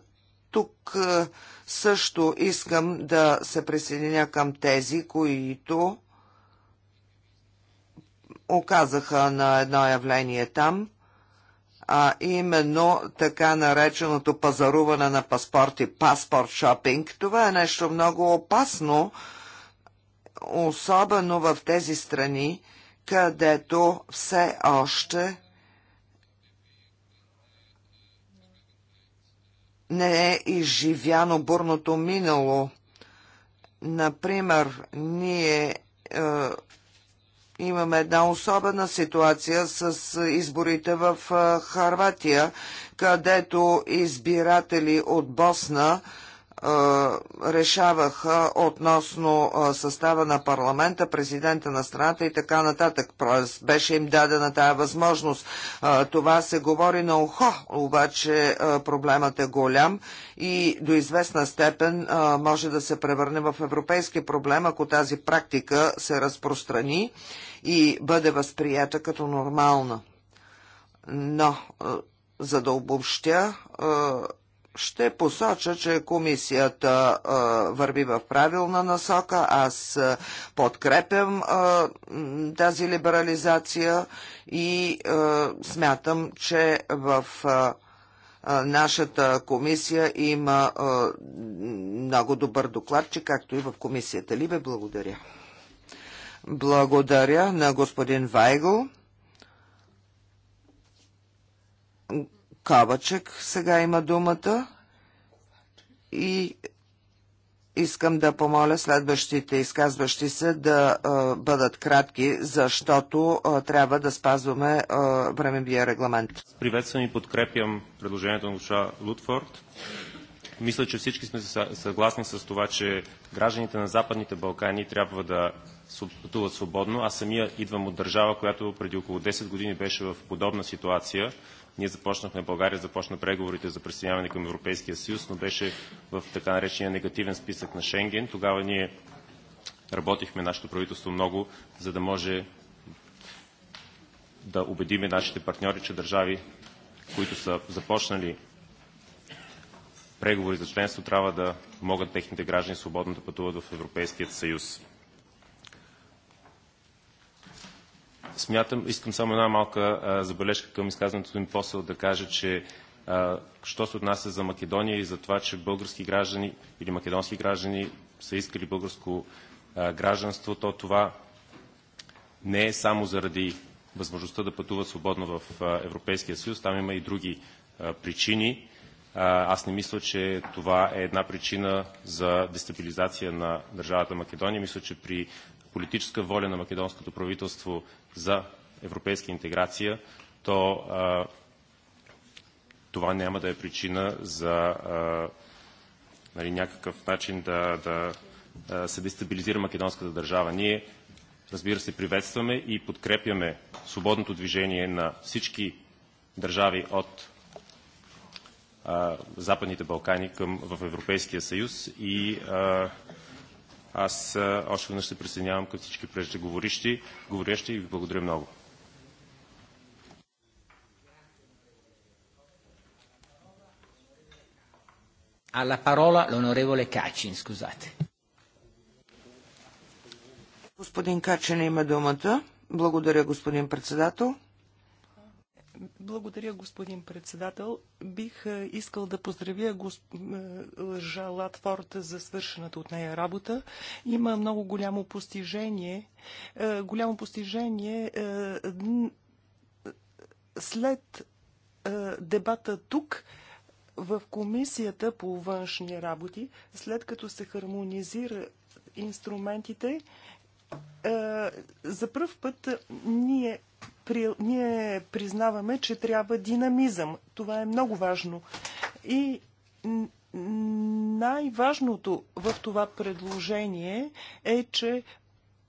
тук е, също искам да се присъединя към тези, които оказаха на едно явление там, а именно така нареченото пазаруване на паспорти, паспорт шопинг. Това е нещо много опасно, особено в тези страни, където все още не е изживяно бурното минало. Например, ние е, имаме една особена ситуация с изборите в е, Харватия, където избиратели от Босна е, решаваха относно състава на парламента, президента на страната и така нататък. беше им дадена тая възможност. Това се говори на ухо, обаче проблемът е голям и до известна степен може да се превърне в европейски проблем, ако тази практика се разпространи и бъде възприята като нормална. Но, за да обобщя, ще посоча, че комисията а, върви в правилна насока. Аз а, подкрепям а, тази либерализация и а, смятам, че в а, нашата комисия има а, много добър доклад, че както и в комисията Либе. Благодаря. Благодаря на господин Вайгл. Кабачек сега има думата и искам да помоля следващите изказващи се да а, бъдат кратки, защото а, трябва да спазваме а, времевия регламент. Приветствам и подкрепям предложението на госпожа Лутфорд. Мисля, че всички сме съгласни с това, че гражданите на Западните Балкани трябва да пътуват свободно. Аз самия идвам от държава, която преди около 10 години беше в подобна ситуация ние започнахме, България започна преговорите за присъединяване към Европейския съюз, но беше в така наречения негативен списък на Шенген. Тогава ние работихме, нашето правителство, много, за да може да убедиме нашите партньори, че държави, които са започнали преговори за членство, трябва да могат техните граждани свободно да пътуват в Европейския съюз. Смятам, искам само една малка забележка към изказването им посъл да кажа, че що се отнася за Македония и за това, че български граждани или македонски граждани са искали българско гражданство, то това не е само заради възможността да пътуват свободно в Европейския съюз. Там има и други причини. аз не мисля, че това е една причина за дестабилизация на държавата Македония. Мисля, че при политическа воля на македонското правителство за европейска интеграция, то а, това няма да е причина за а, нали, някакъв начин да, да а, се дестабилизира македонската държава. Ние, разбира се, приветстваме и подкрепяме свободното движение на всички държави от а, Западните Балкани към, в Европейския съюз и а, аз още веднъж се присъединявам към всички преждеговорищи, говорящи и ви благодаря много. Alla parola l'onorevole Cacin, scusate. Господин Качен има думата. Благодаря, господин председател. Благодаря, господин председател. Бих е, искал да поздравя госпожа е, Латфорд за свършената от нея работа. Има много голямо постижение. Е, голямо постижение след дебата тук в комисията по външни работи, след като се хармонизира инструментите, за първ път ние при, ние признаваме, че трябва динамизъм. Това е много важно. И най-важното в това предложение е, че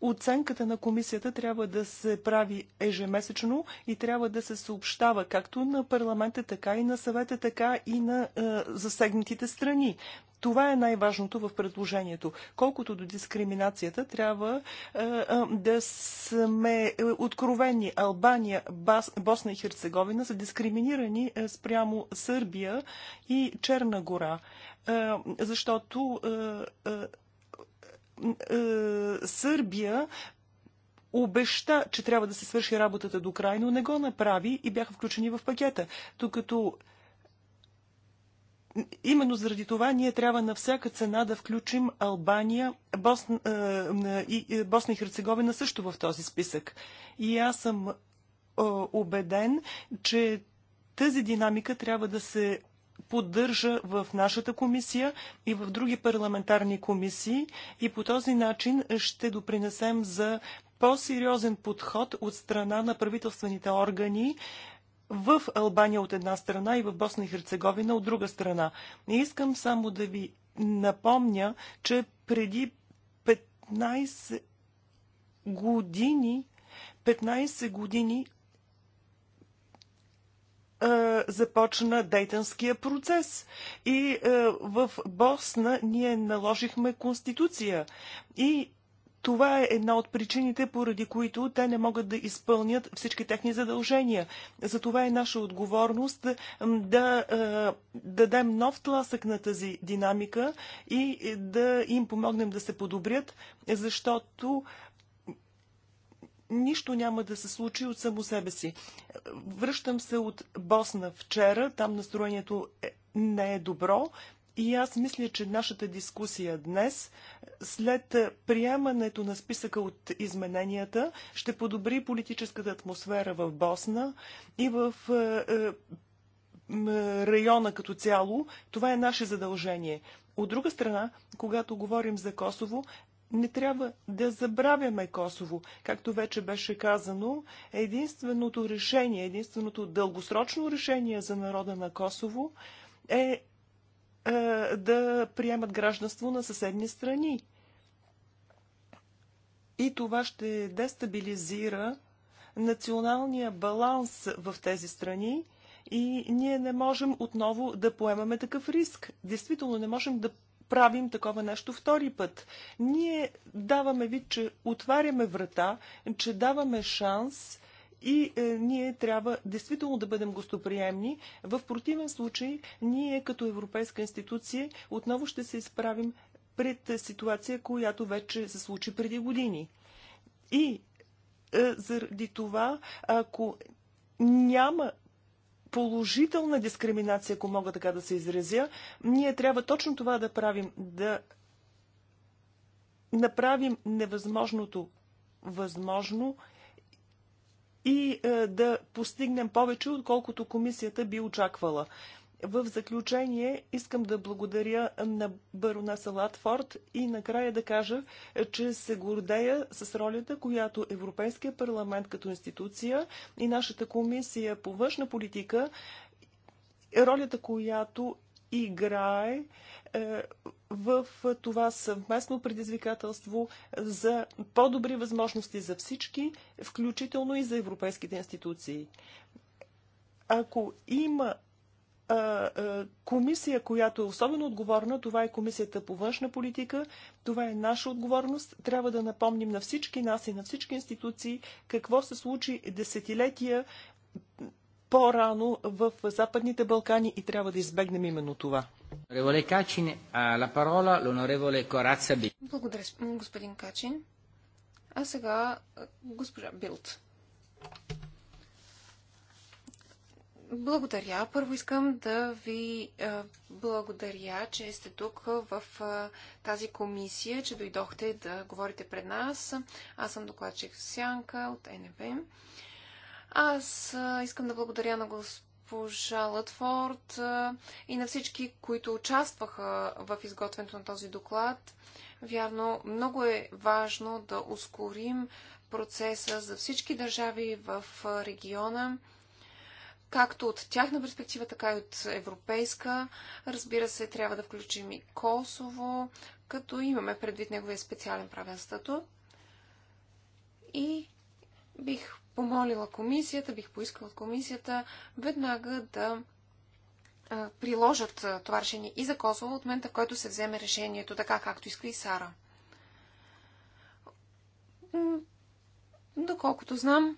Оценката на комисията трябва да се прави ежемесечно и трябва да се съобщава както на парламента, така и на съвета, така и на е, засегнатите страни. Това е най-важното в предложението. Колкото до дискриминацията, трябва е, е, да сме е, откровени. Албания, Бас, Босна и Херцеговина са дискриминирани е, спрямо Сърбия и Черна гора, е, защото. Е, е, е, Сърбия обеща, че трябва да се свърши работата до край, но не го направи и бяха включени в пакета. Докато именно заради това ние трябва на всяка цена да включим Албания, Босна, е, и, е, Босна и Херцеговина също в този списък. И аз съм убеден, че тази динамика трябва да се поддържа в нашата комисия и в други парламентарни комисии и по този начин ще допринесем за по-сериозен подход от страна на правителствените органи в Албания от една страна и в Босна и Херцеговина от друга страна. Не искам само да ви напомня, че преди 15 години 15 години започна Дейтънския процес. И в Босна ние наложихме конституция. И това е една от причините, поради които те не могат да изпълнят всички техни задължения. Затова е наша отговорност да дадем нов тласък на тази динамика и е, да им помогнем да се подобрят, защото нищо няма да се случи от само себе си. Връщам се от Босна вчера, там настроението е, не е добро. И аз мисля, че нашата дискусия днес, след приемането на списъка от измененията, ще подобри политическата атмосфера в Босна и в е, е, района като цяло. Това е наше задължение. От друга страна, когато говорим за Косово, не трябва да забравяме Косово. Както вече беше казано, единственото решение, единственото дългосрочно решение за народа на Косово е, е да приемат гражданство на съседни страни. И това ще дестабилизира националния баланс в тези страни и ние не можем отново да поемаме такъв риск. Действително не можем да правим такова нещо втори път. Ние даваме вид, че отваряме врата, че даваме шанс и е, ние трябва действително да бъдем гостоприемни. В противен случай, ние като европейска институция отново ще се изправим пред ситуация, която вече се случи преди години. И е, заради това, ако няма положителна дискриминация, ако мога така да се изразя, ние трябва точно това да правим, да направим невъзможното възможно и е, да постигнем повече, отколкото комисията би очаквала. В заключение искам да благодаря на баронеса Латфорд и накрая да кажа, че се гордея с ролята, която Европейския парламент като институция и нашата комисия по външна политика, ролята, която играе е, в това съвместно предизвикателство за по-добри възможности за всички, включително и за европейските институции. Ако има комисия, която е особено отговорна, това е комисията по външна политика, това е наша отговорност. Трябва да напомним на всички нас и на всички институции какво се случи десетилетия по-рано в Западните Балкани и трябва да избегнем именно това. Благодаря, господин Качин. А сега госпожа Билт. Благодаря. Първо искам да ви е, благодаря, че сте тук в е, тази комисия, че дойдохте да говорите пред нас. Аз съм докладчик Сянка от НБ. Аз е, искам да благодаря на госпожа Лътфорд и на всички, които участваха в изготвянето на този доклад. Вярно, много е важно да ускорим процеса за всички държави в региона както от тяхна перспектива, така и от европейска. Разбира се, трябва да включим и Косово, като имаме предвид неговия специален правен статут. И бих помолила комисията, бих поискала от комисията веднага да приложат това решение и за Косово от момента, в който се вземе решението, така както иска и Сара. Доколкото знам,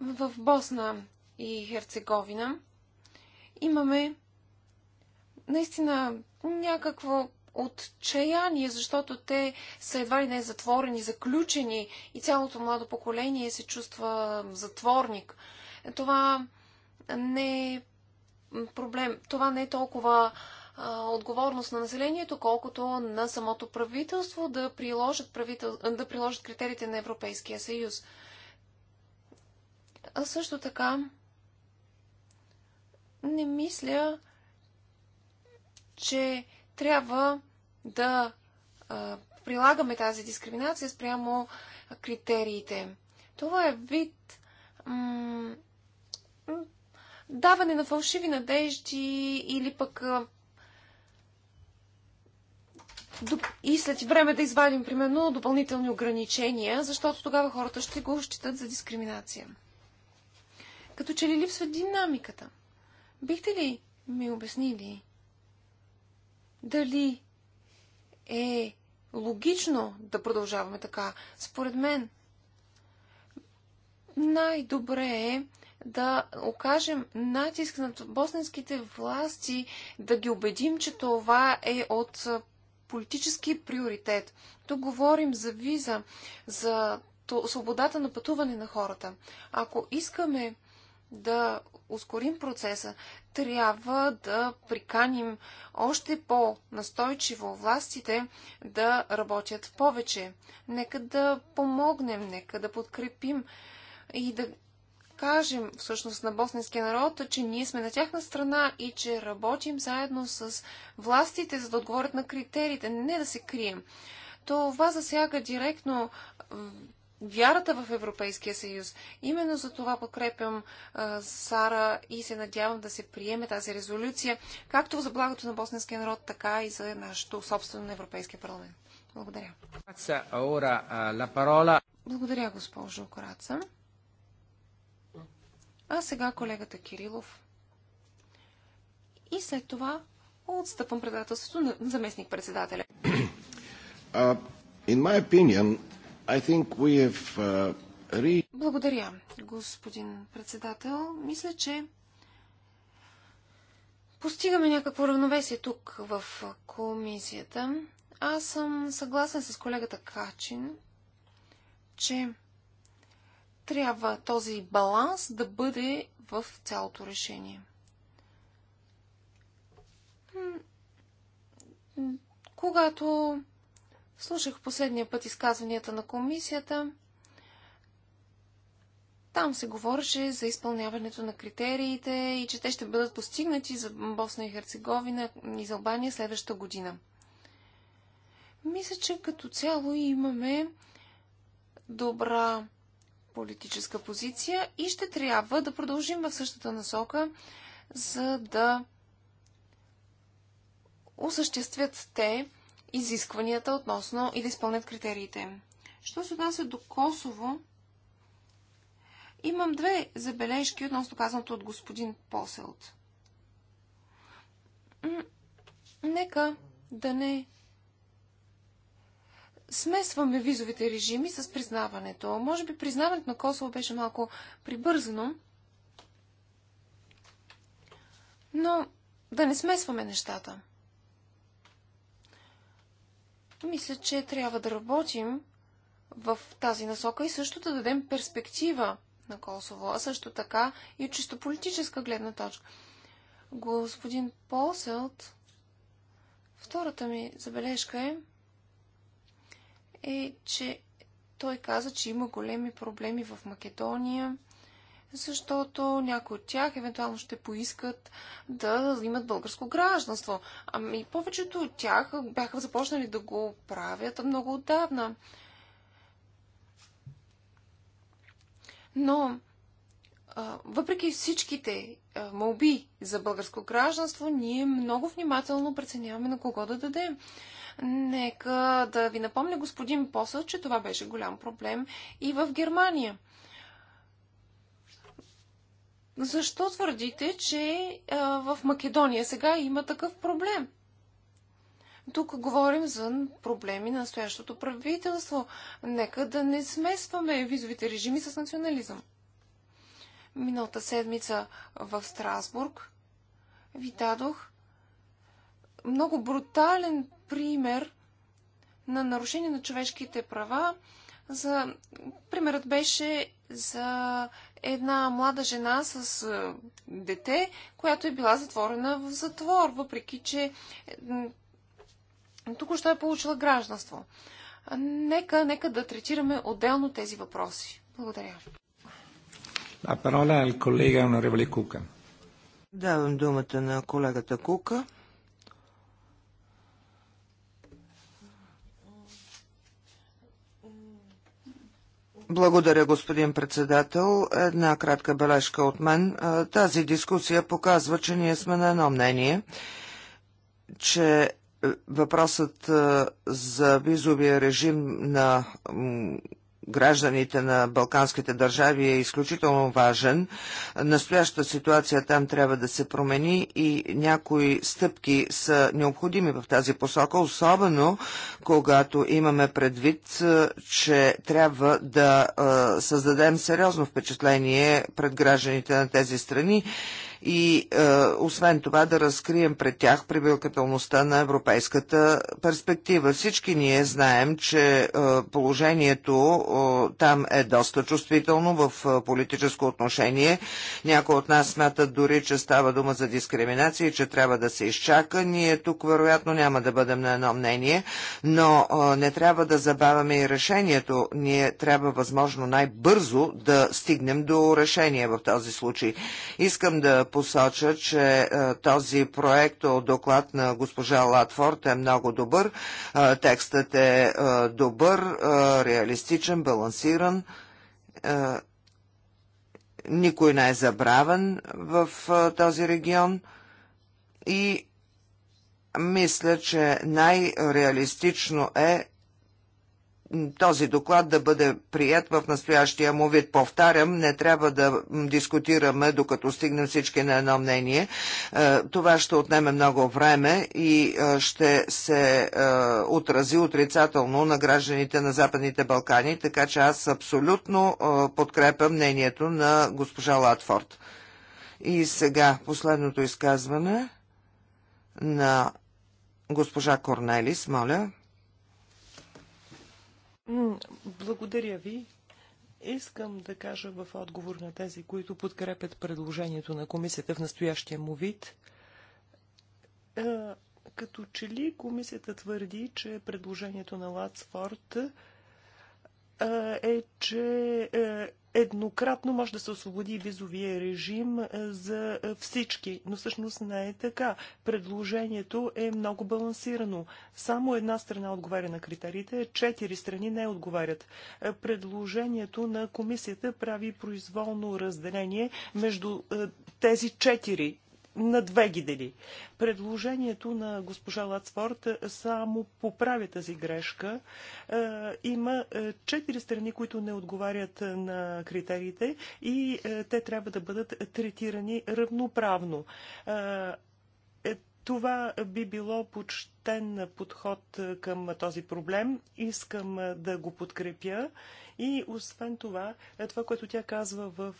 в Босна и Херцеговина, имаме наистина някакво отчаяние, защото те са едва ли не затворени, заключени и цялото младо поколение се чувства затворник. Това не е проблем. Това не е толкова а, отговорност на населението, колкото на самото правителство да приложат, правител... да приложат критериите на Европейския съюз. А също така, не мисля, че трябва да а, прилагаме тази дискриминация спрямо критериите. Това е вид даване на фалшиви надежди или пък а, и след време да извадим, примерно, допълнителни ограничения, защото тогава хората ще го считат за дискриминация. Като че ли липсва динамиката – Бихте ли ми обяснили дали е логично да продължаваме така? Според мен най-добре е да окажем натиск над босненските власти, да ги убедим, че това е от политически приоритет. Тук говорим за виза, за свободата на пътуване на хората. Ако искаме да ускорим процеса, трябва да приканим още по-настойчиво властите да работят повече. Нека да помогнем, нека да подкрепим и да кажем всъщност на босненския народ, че ние сме на тяхна страна и че работим заедно с властите, за да отговорят на критериите, не да се крием. Това засяга директно вярата в Европейския съюз. Именно за това подкрепям а, Сара и се надявам да се приеме тази резолюция, както за благото на босненския народ, така и за нашето собствено на Европейския парламент. Благодаря. Благодаря, госпожо Кораца. А сега колегата Кирилов. И след това отстъпвам предателството на заместник председателя. Uh, in my opinion, Uh, Благодаря, господин председател. Мисля, че постигаме някакво равновесие тук в комисията. Аз съм съгласен с колегата Качин, че трябва този баланс да бъде в цялото решение. Когато Слушах последния път изказванията на комисията. Там се говореше за изпълняването на критериите и че те ще бъдат постигнати за Босна и Херцеговина и за Албания следващата година. Мисля, че като цяло имаме добра политическа позиция и ще трябва да продължим в същата насока, за да осъществят те изискванията относно и да изпълнят критериите. Що се отнася до Косово, имам две забележки относно казаното от господин Поселт. Нека да не смесваме визовите режими с признаването. Може би признаването на Косово беше малко прибързано, но да не смесваме нещата. Мисля, че трябва да работим в тази насока и също да дадем перспектива на Косово, а също така и от чисто политическа гледна точка. Господин Полселт, втората ми забележка е, е, че той каза, че има големи проблеми в Македония защото някои от тях евентуално ще поискат да имат българско гражданство. Ами повечето от тях бяха започнали да го правят много отдавна. Но, въпреки всичките молби за българско гражданство, ние много внимателно преценяваме на кого да дадем. Нека да ви напомня, господин Посъл, че това беше голям проблем и в Германия. Защо твърдите, че а, в Македония сега има такъв проблем? Тук говорим за проблеми на настоящото правителство. Нека да не смесваме визовите режими с национализъм. Миналата седмица в Страсбург ви дадох много брутален пример на нарушение на човешките права. За... Примерът беше за една млада жена с е, дете, която е била затворена в затвор, въпреки че току-що е получила гражданство. Нека, нека да третираме отделно тези въпроси. Благодаря. La parola al collega onorevole Cuca. Давам думата на колегата Кука. Благодаря, господин председател. Една кратка бележка от мен. Тази дискусия показва, че ние сме на едно мнение, че е, въпросът е, за визовия режим на гражданите на балканските държави е изключително важен. Настоящата ситуация там трябва да се промени и някои стъпки са необходими в тази посока, особено когато имаме предвид, е, че трябва да е, създадем сериозно впечатление пред гражданите на тези страни и е, освен това да разкрием пред тях привилкателността на европейската перспектива. Всички ние знаем, че е, положението е, там е доста чувствително в е, политическо отношение. Някои от нас смятат дори, че става дума за дискриминация и че трябва да се изчака. Ние тук вероятно няма да бъдем на едно мнение, но е, не трябва да забавяме и решението. Ние трябва възможно най-бързо да стигнем до решение в този случай. Искам да посоча, че е, този проект от доклад на госпожа Латфорд е много добър. Е, текстът е, е добър, реалистичен, балансиран. Никой не е забравен в този регион и мисля, че най-реалистично е този доклад да бъде прият в настоящия му вид. Повтарям, не трябва да дискутираме, докато стигнем всички на едно мнение. Е, това ще отнеме много време и е, ще се е, отрази отрицателно на гражданите на Западните Балкани, така че аз абсолютно подкрепям мнението на госпожа Латфорд. И сега последното изказване на госпожа Корнелис, моля. Благодаря ви. Искам да кажа в отговор на тези, които подкрепят предложението на комисията в настоящия му вид. Е, като че ли комисията твърди, че предложението на Лацфорд е, че еднократно може да се освободи визовия режим за всички, но всъщност не е така. Предложението е много балансирано. Само една страна отговаря на критериите, четири страни не отговарят. Предложението на комисията прави произволно разделение между тези четири на две ги дели. Предложението на госпожа Лацфорд е, само поправя тази грешка. Е, има е, четири страни, които не отговарят на критериите и те трябва да бъдат третирани равноправно това би било почтен подход към този проблем. Искам да го подкрепя. И освен това, е това, което тя казва в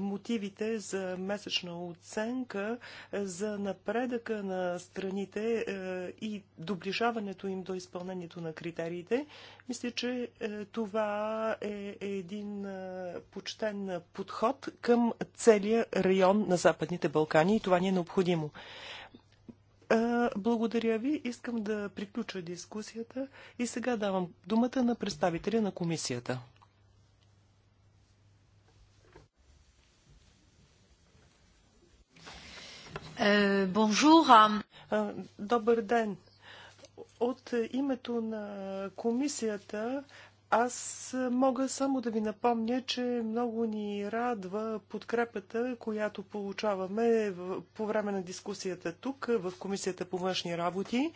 мотивите за месечна оценка за напредъка на страните и доближаването им до изпълнението на критериите, мисля, че това е един почтен подход към целия район на Западните Балкани и това ни е необходимо. Благодаря ви. Искам да приключа дискусията и сега давам думата на представителя на комисията. Е, бонжур. Добър ден. От името на комисията аз мога само да ви напомня, че много ни радва подкрепата, която получаваме по време на дискусията тук в Комисията по външни работи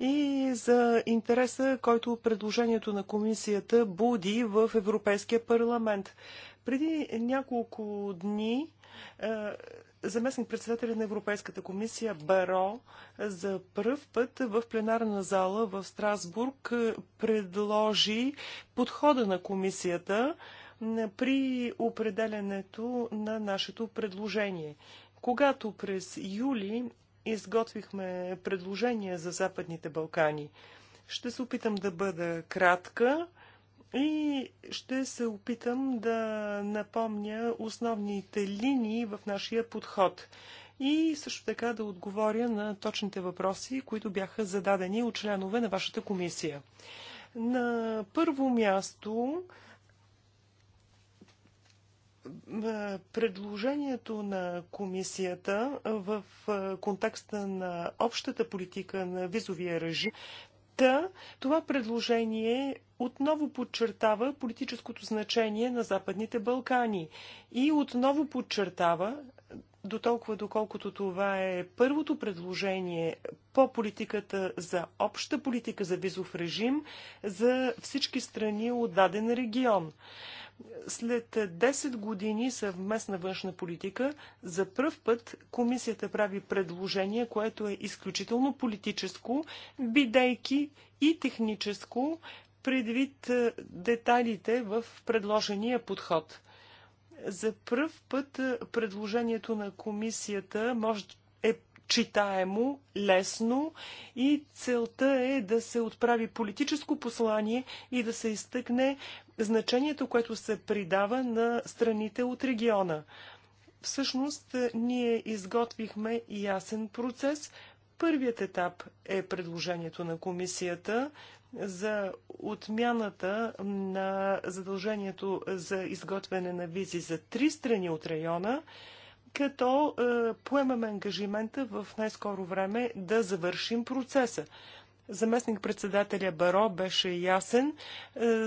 и за интереса, който предложението на Комисията буди в Европейския парламент. Преди няколко дни е, заместник председателя на Европейската комисия Баро за първ път в пленарна зала в Страсбург предложи подхода на комисията при определенето на нашето предложение. Когато през юли изготвихме предложение за Западните Балкани, ще се опитам да бъда кратка. И ще се опитам да напомня основните линии в нашия подход и също така да отговоря на точните въпроси, които бяха зададени от членове на вашата комисия. На първо място е, предложението на комисията в е, контекста на общата политика на визовия режим Та, това предложение отново подчертава политическото значение на Западните Балкани и отново подчертава, до толкова доколкото това е първото предложение по политиката за обща политика за визов режим за всички страни от даден регион. След 10 години съвместна външна политика, за първ път комисията прави предложение, което е изключително политическо, бидейки и техническо, предвид е, деталите в предложения подход. За първ път е, предложението на комисията може е читаемо, лесно и целта е да се отправи политическо послание и да се изтъкне значението, което се придава на страните от региона. Всъщност, ние изготвихме ясен процес. Първият етап е предложението на комисията за отмяната на задължението за изготвяне на визи за три страни от района, като е, поемаме ангажимента в най-скоро време да завършим процеса. Заместник председателя Баро беше ясен. Е,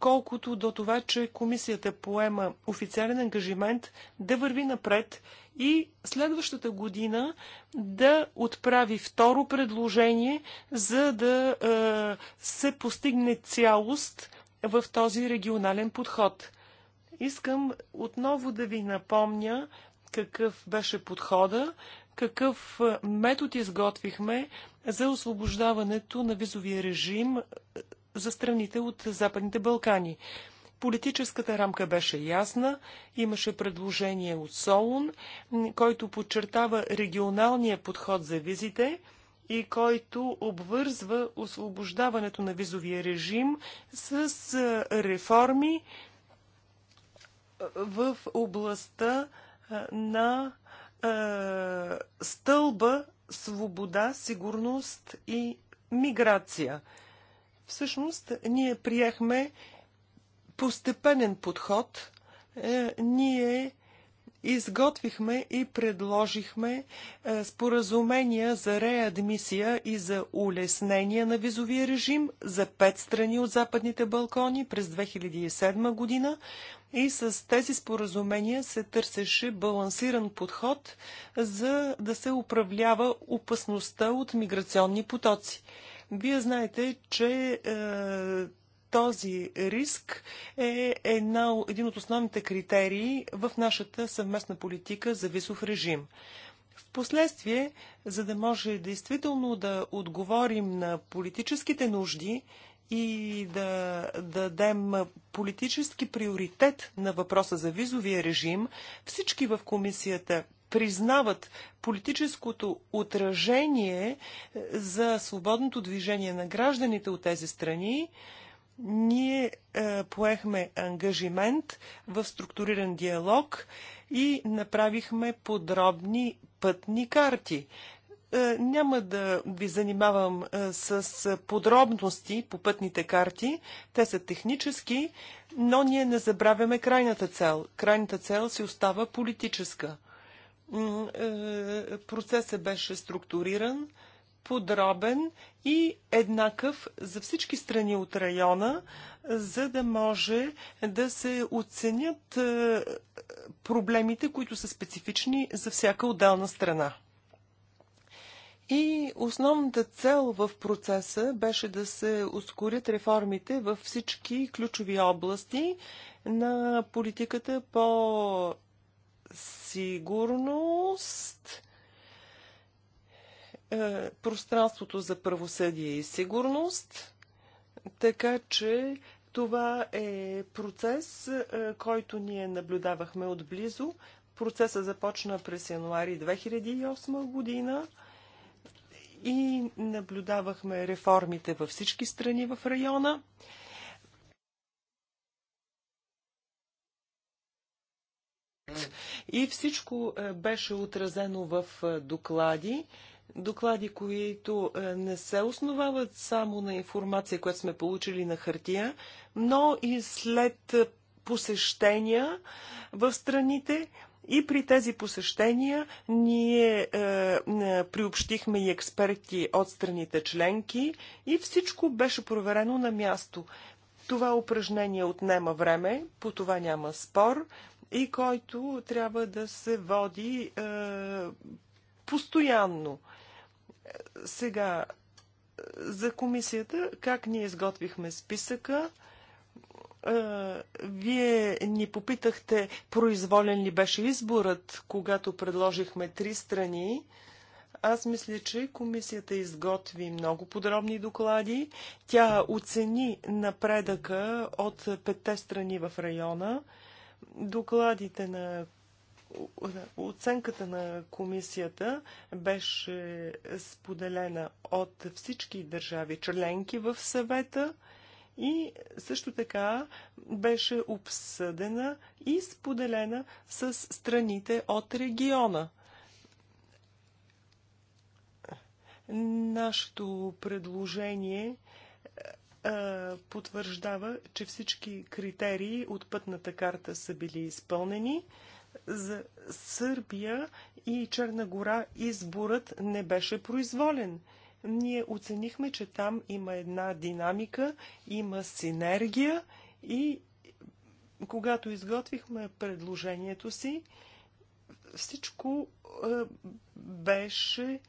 колкото до това, че комисията поема официален ангажимент да върви напред и следващата година да отправи второ предложение, за да е, се постигне цялост в този регионален подход. Искам отново да ви напомня какъв беше подхода, какъв е, метод изготвихме за освобождаването на визовия режим е, за страните от Западните Балкани. Политическата рамка беше ясна. Имаше предложение от Солун, който подчертава регионалния подход за визите и който обвързва освобождаването на визовия режим с реформи в областта на стълба свобода, сигурност и миграция – Всъщност, ние приехме постепенен подход. Е, ние изготвихме и предложихме е, споразумения за реадмисия и за улеснение на визовия режим за пет страни от Западните Балкони през 2007 година и с тези споразумения се търсеше балансиран подход за да се управлява опасността от миграционни потоци. Вие знаете, че е, този риск е една, един от основните критерии в нашата съвместна политика за висов режим. Впоследствие, за да може действително да отговорим на политическите нужди и да дадем политически приоритет на въпроса за визовия режим, всички в комисията признават политическото отражение е, за свободното движение на гражданите от тези страни, ние е, поехме ангажимент в структуриран диалог и направихме подробни пътни карти. Е, няма да ви занимавам е, с подробности по пътните карти, те са технически, но ние не забравяме крайната цел. Крайната цел си остава политическа – е, процесът беше структуриран, подробен и еднакъв за всички страни от района, за да може да се оценят е, проблемите, които са специфични за всяка отделна страна. И основната цел в процеса беше да се ускорят реформите във всички ключови области на политиката по сигурност, е, пространството за правосъдие и сигурност, така че това е процес, е, който ние наблюдавахме отблизо. Процесът започна през януари 2008 година и наблюдавахме реформите във всички страни в района. И всичко е, беше отразено в е, доклади доклади, които е, не се основават само на информация, която сме получили на хартия, но и след посещения в страните. И при тези посещения ние е, приобщихме и експерти от страните членки и всичко беше проверено на място. Това упражнение отнема време, по това няма спор, и който трябва да се води е, постоянно. Сега, за комисията, как ние изготвихме списъка, е, вие ни попитахте произволен ли беше изборът, когато предложихме три страни. Аз мисля, че комисията изготви много подробни доклади. Тя оцени напредъка от петте страни в района докладите на оценката на комисията беше споделена от всички държави членки в съвета и също така беше обсъдена и споделена с страните от региона. Нашето предложение е, потвърждава, че всички критерии от пътната карта са били изпълнени. За Сърбия и Черна гора изборът не беше произволен. Ние оценихме, че там има една динамика, има синергия и когато изготвихме предложението си, всичко е, беше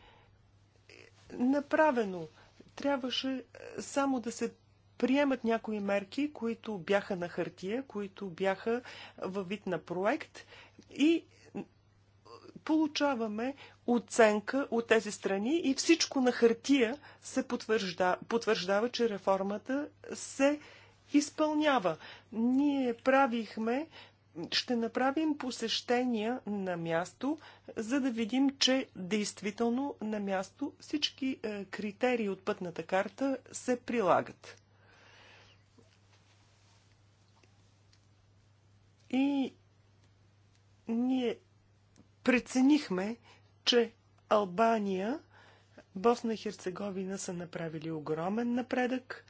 направено трябваше само да се приемат някои мерки, които бяха на хартия, които бяха във вид на проект и получаваме оценка от тези страни и всичко на хартия се потвържда, потвърждава, че реформата се изпълнява. Ние правихме, ще направим посещения на място, за да видим, че действително на място всички е, критерии от пътната карта се прилагат. И ние преценихме, че Албания, Босна и Херцеговина са направили огромен напредък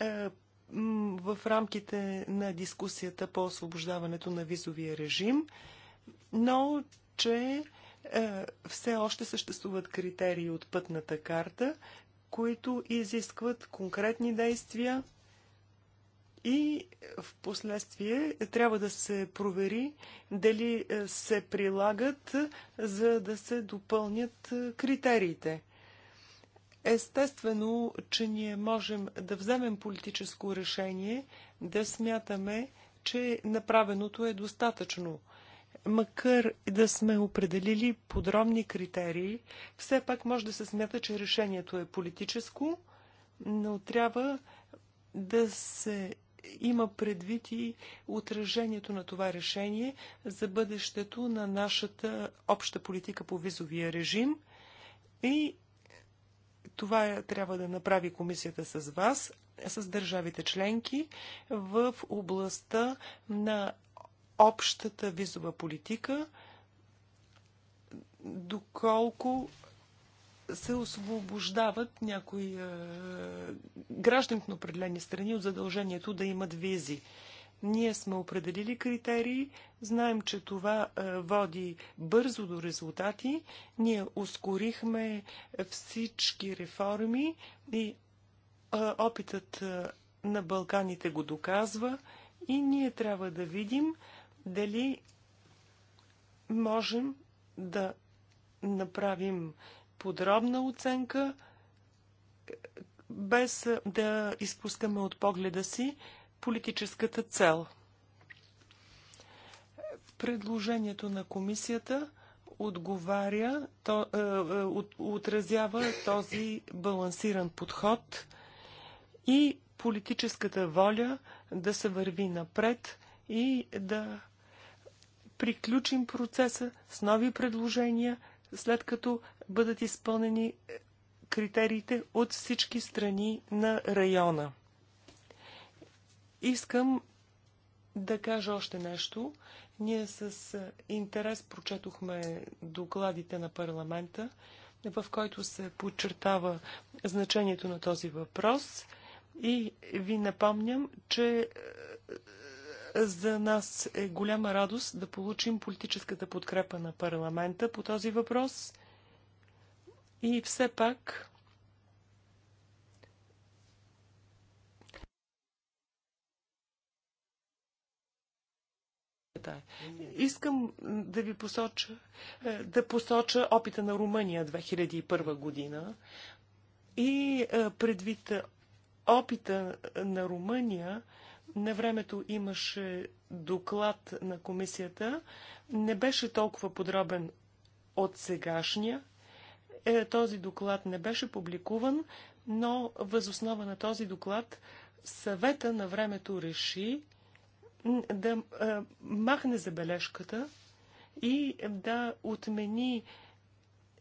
е, в рамките на дискусията по освобождаването на визовия режим, но че е, все още съществуват критерии от пътната карта, които изискват конкретни действия и в последствие трябва да се провери дали е, се прилагат, е, за да се допълнят е, критериите. Естествено, че ние можем да вземем политическо решение, да смятаме, че направеното е достатъчно. Макар да сме определили подробни критерии, все пак може да се смята, че решението е политическо, но трябва да се има предвид и отражението на това решение за бъдещето на нашата обща политика по визовия режим. И това трябва да направи комисията с вас, с държавите членки в областта на общата визова политика, доколко се освобождават някои е, граждани на определени страни от задължението да имат визи. Ние сме определили критерии, знаем, че това е, води бързо до резултати. Ние ускорихме всички реформи и е, опитът на Балканите го доказва и ние трябва да видим дали можем да направим подробна оценка, без да изпускаме от погледа си политическата цел. Предложението на комисията отговаря, то, е, е, от, отразява този балансиран подход и политическата воля да се върви напред и да приключим процеса с нови предложения – след като бъдат изпълнени е, критериите от всички страни на района. Искам да кажа още нещо. Ние с е, интерес прочетохме докладите на парламента, в който се подчертава значението на този въпрос. И ви напомням, че е, за нас е голяма радост да получим политическата подкрепа на парламента по този въпрос. И все пак Искам да ви посоча, е, да посоча опита на Румъния 2001 година и е, предвид опита на Румъния на времето имаше доклад на комисията. Не беше толкова подробен от сегашния. Е, този доклад не беше публикуван, но възоснова на този доклад съвета на времето реши да е, махне забележката и да отмени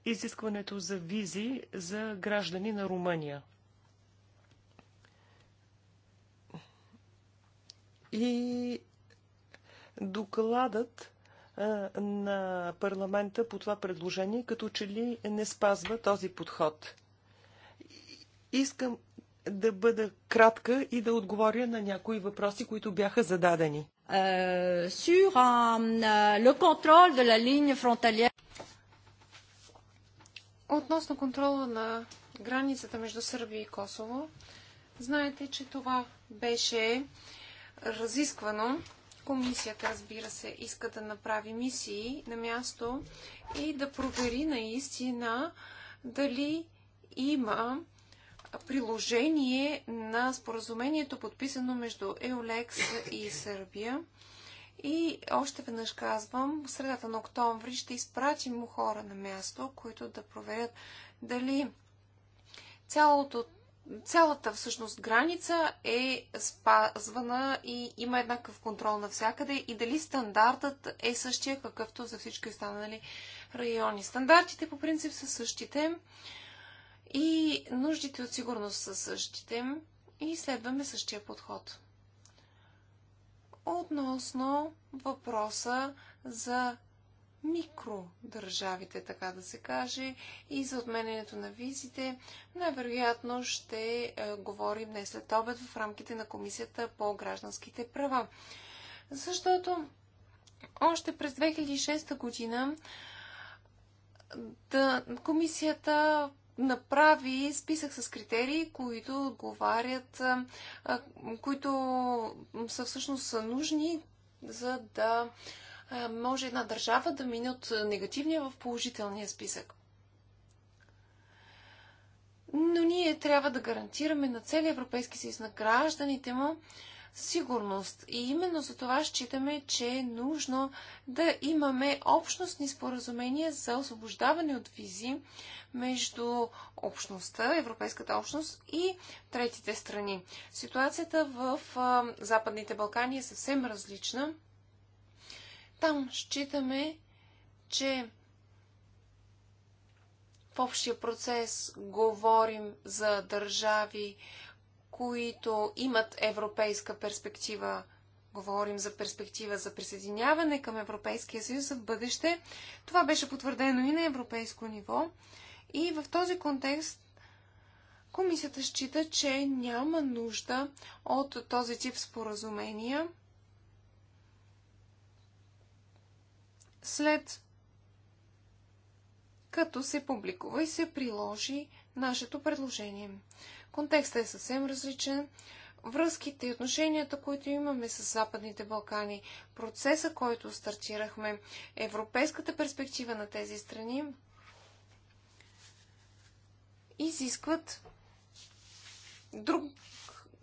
изискването за визи за граждани на Румъния. и докладът на парламента по това предложение, като че ли не спазва този подход. Искам да бъда кратка и да отговоря на някои въпроси, които бяха зададени. Е, е, Относно контрола на границата между Сърбия и Косово, знаете, че това беше uh, разисквано. Комисията, разбира се, иска да направи мисии на място и да провери наистина дали има приложение на споразумението, подписано между Еолекс и Сърбия. И още веднъж казвам, в средата на октомври ще изпратим хора на място, които да проверят дали цялото цялата всъщност граница е спазвана и има еднакъв контрол навсякъде и дали стандартът е същия какъвто за всички останали райони. Стандартите по принцип са същите и нуждите от сигурност са същите и следваме същия подход. Относно въпроса за микродържавите, така да се каже, и за отменянето на визите. Най-вероятно ще е, говорим днес след обед в рамките на Комисията по гражданските права. Защото още през 2006 година да, комисията направи списък с критерии, които отговарят, е, е, които са всъщност са нужни, за да може една държава да мине от негативния в положителния списък. Но ние трябва да гарантираме на целия Европейски съюз, на гражданите му, сигурност. И именно за това считаме, че е нужно да имаме общностни споразумения за освобождаване от визи между общността, Европейската общност и третите страни. Ситуацията в Западните Балкани е съвсем различна. Там считаме, че в общия процес говорим за държави, които имат европейска перспектива. Говорим за перспектива за присъединяване към Европейския съюз в бъдеще. Това беше потвърдено и на европейско ниво. И в този контекст комисията счита, че няма нужда от този тип споразумения – след като се публикува и се приложи нашето предложение. Контекстът е съвсем различен. Връзките и отношенията, които имаме с Западните Балкани, процеса, който стартирахме, европейската перспектива на тези страни, изискват друг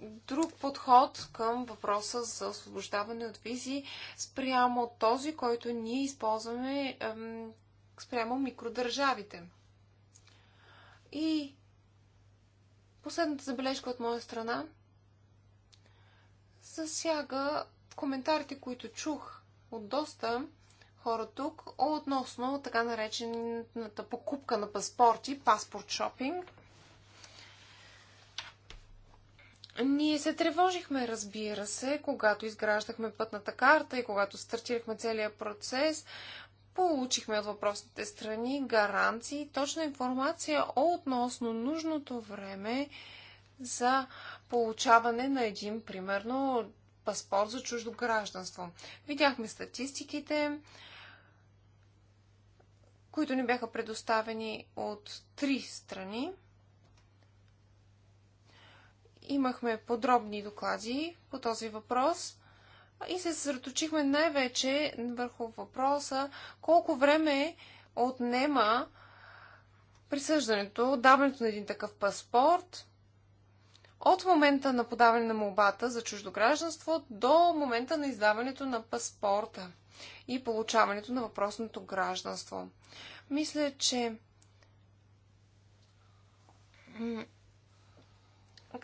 друг подход към въпроса за освобождаване от визи спрямо този, който ние използваме спрямо микродържавите. И последната забележка от моя страна засяга коментарите, които чух от доста хора тук относно така наречената покупка на паспорти, паспорт шопинг. Ние се тревожихме, разбира се, когато изграждахме пътната карта и когато стартирахме целия процес. Получихме от въпросните страни гаранции, точна информация относно нужното време за получаване на един, примерно, паспорт за чуждо гражданство. Видяхме статистиките, които ни бяха предоставени от три страни – Имахме подробни доклади по този въпрос и се съсредоточихме най-вече върху въпроса колко време отнема присъждането, даването на един такъв паспорт от момента на подаване на молбата за чуждо гражданство до момента на издаването на паспорта и получаването на въпросното гражданство. Мисля, че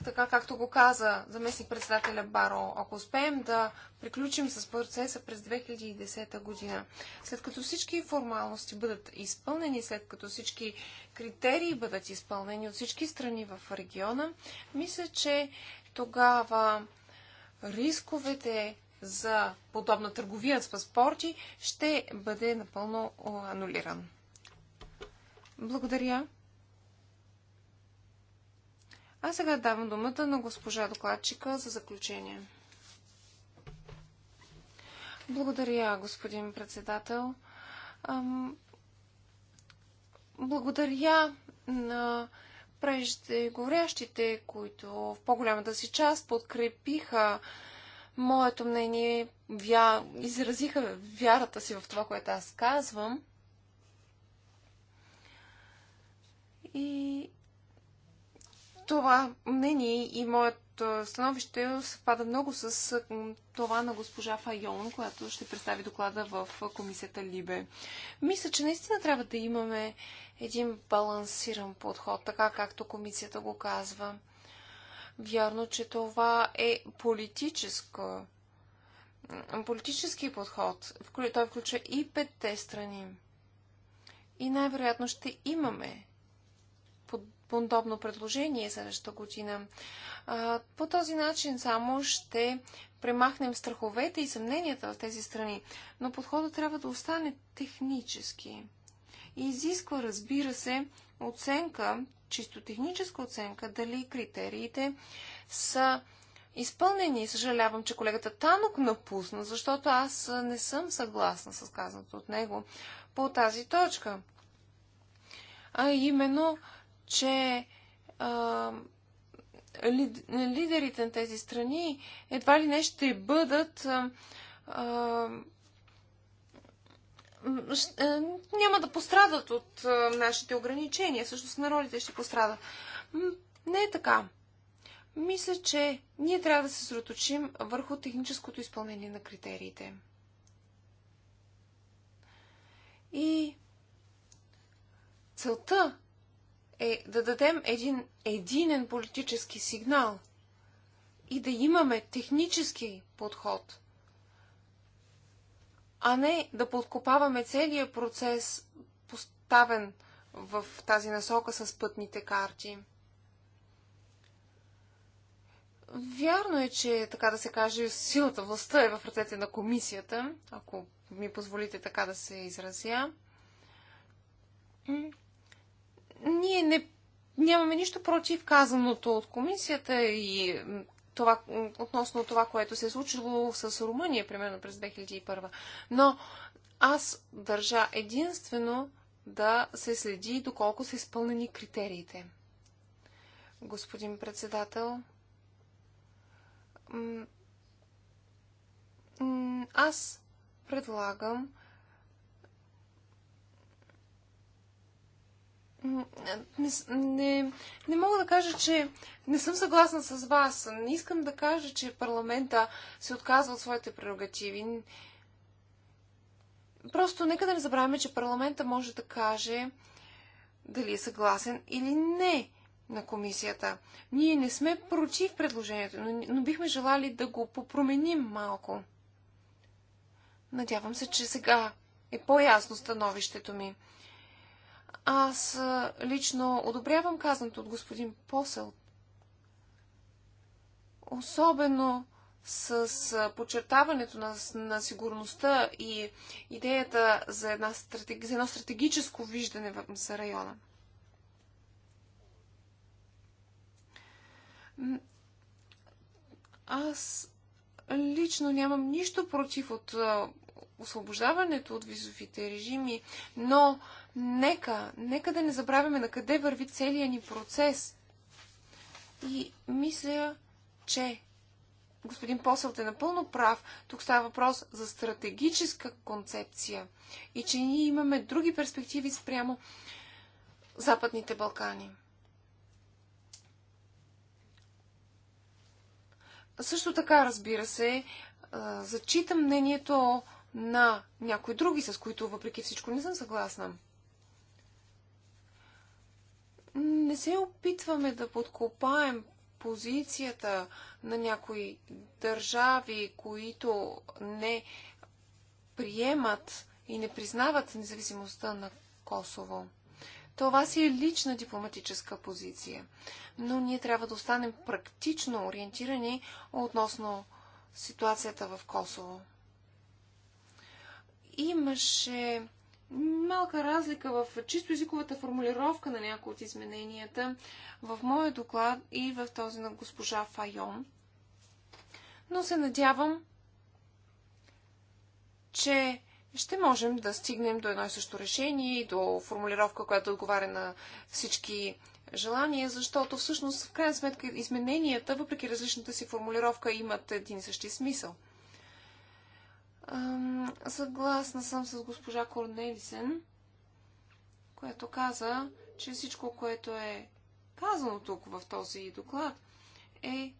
така както го каза заместник председателя Баро, ако успеем да приключим с процеса през 2010 година, след като всички формалности бъдат изпълнени, след като всички критерии бъдат изпълнени от всички страни в региона, мисля, че тогава рисковете за подобна търговия с паспорти ще бъде напълно анулиран. Благодаря. А сега давам думата на госпожа докладчика за заключение. Благодаря, господин председател. Благодаря на преждеговорящите, които в по-голямата си част подкрепиха моето мнение, вя... изразиха вярата си в това, което аз казвам. И това мнение и моят становище съвпада много с това на госпожа Файон, която ще представи доклада в комисията Либе. Мисля, че наистина трябва да имаме един балансиран подход, така както комисията го казва. Вярно, че това е политическо, политически подход. Той включва и петте страни. И най-вероятно ще имаме подобно предложение следващата година. По този начин само ще премахнем страховете и съмненията в тези страни, но подходът трябва да остане технически. И изисква, разбира се, оценка, чисто техническа оценка, дали критериите са изпълнени. Съжалявам, че колегата Танок напусна, защото аз не съм съгласна с казаното от него по тази точка. А именно, че а, лидерите на тези страни едва ли не ще бъдат. А, а, няма да пострадат от нашите ограничения. Всъщност народите ще пострадат. Не е така. Мисля, че ние трябва да се сроточим върху техническото изпълнение на критериите. И целта е да дадем един единен политически сигнал и да имаме технически подход, а не да подкопаваме целия процес, поставен в тази насока с пътните карти. Вярно е, че, така да се каже, силата властта е в ръцете на комисията, ако ми позволите така да се изразя. Ние не, нямаме нищо против казаното от комисията и това, относно това, което се е случило с Румъния, примерно през 2001. Но аз държа единствено да се следи доколко са изпълнени критериите. Господин председател, аз предлагам не, не, не мога да кажа, че не съм съгласна с вас. Не искам да кажа, че парламента се отказва от своите прерогативи. Просто нека да не забравяме, че парламента може да каже дали е съгласен или не на комисията. Ние не сме против предложението, но, но бихме желали да го попроменим малко. Надявам се, че сега е по-ясно становището ми. Аз лично одобрявам казаното от господин Посел. Особено с подчертаването на, на сигурността и идеята за, една стратег, за едно стратегическо виждане за района. Аз лично нямам нищо против от освобождаването от визовите режими, но нека, нека да не забравяме на къде върви целият ни процес. И мисля, че господин Посълт е напълно прав. Тук става въпрос за стратегическа концепция и че ние имаме други перспективи спрямо Западните Балкани. Също така, разбира се, зачитам мнението на някои други, с които въпреки всичко не съм съгласна не се опитваме да подкопаем позицията на някои държави, които не приемат и не признават независимостта на Косово. Това си е лична дипломатическа позиция. Но ние трябва да останем практично ориентирани относно ситуацията в Косово. Имаше малка разлика в чисто езиковата формулировка на някои от измененията в моя доклад и в този на госпожа Файон. Но се надявам, че ще можем да стигнем до едно и също решение и до формулировка, която отговаря на всички желания, защото всъщност в крайна сметка измененията, въпреки различната си формулировка, имат един и същи смисъл – Съгласна съм с госпожа Корнелисен, която каза, че всичко, което е казано тук в този доклад, е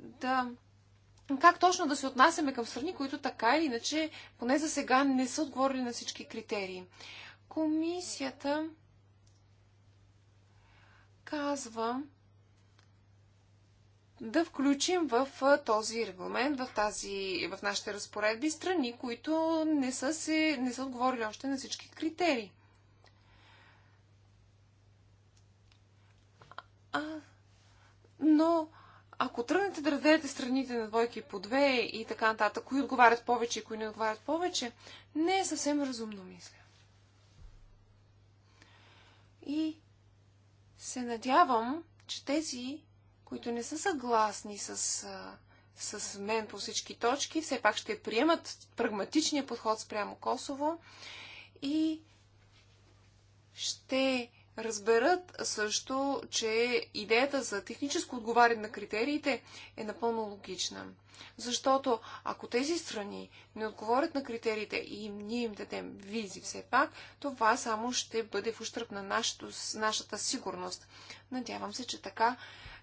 да. Как точно да се отнасяме към страни, които така или иначе, поне за сега, не са отговорили на всички критерии? Комисията казва, да включим в този регламент, в, тази, в нашите разпоредби, страни, които не са, се, не са отговорили още на всички критерии. А, но ако тръгнете да разделяте страните на двойки по две и така нататък, кои отговарят повече и кои не отговарят повече, не е съвсем разумно, мисля. И се надявам, че тези които не са съгласни с, с мен по всички точки, все пак ще приемат прагматичния подход спрямо Косово и ще разберат също, че идеята за техническо отговаряне на критериите е напълно логична. Защото ако тези страни не отговорят на критериите и ние им дадем визи все пак, това само ще бъде в ущърп на нашата сигурност. Надявам се, че така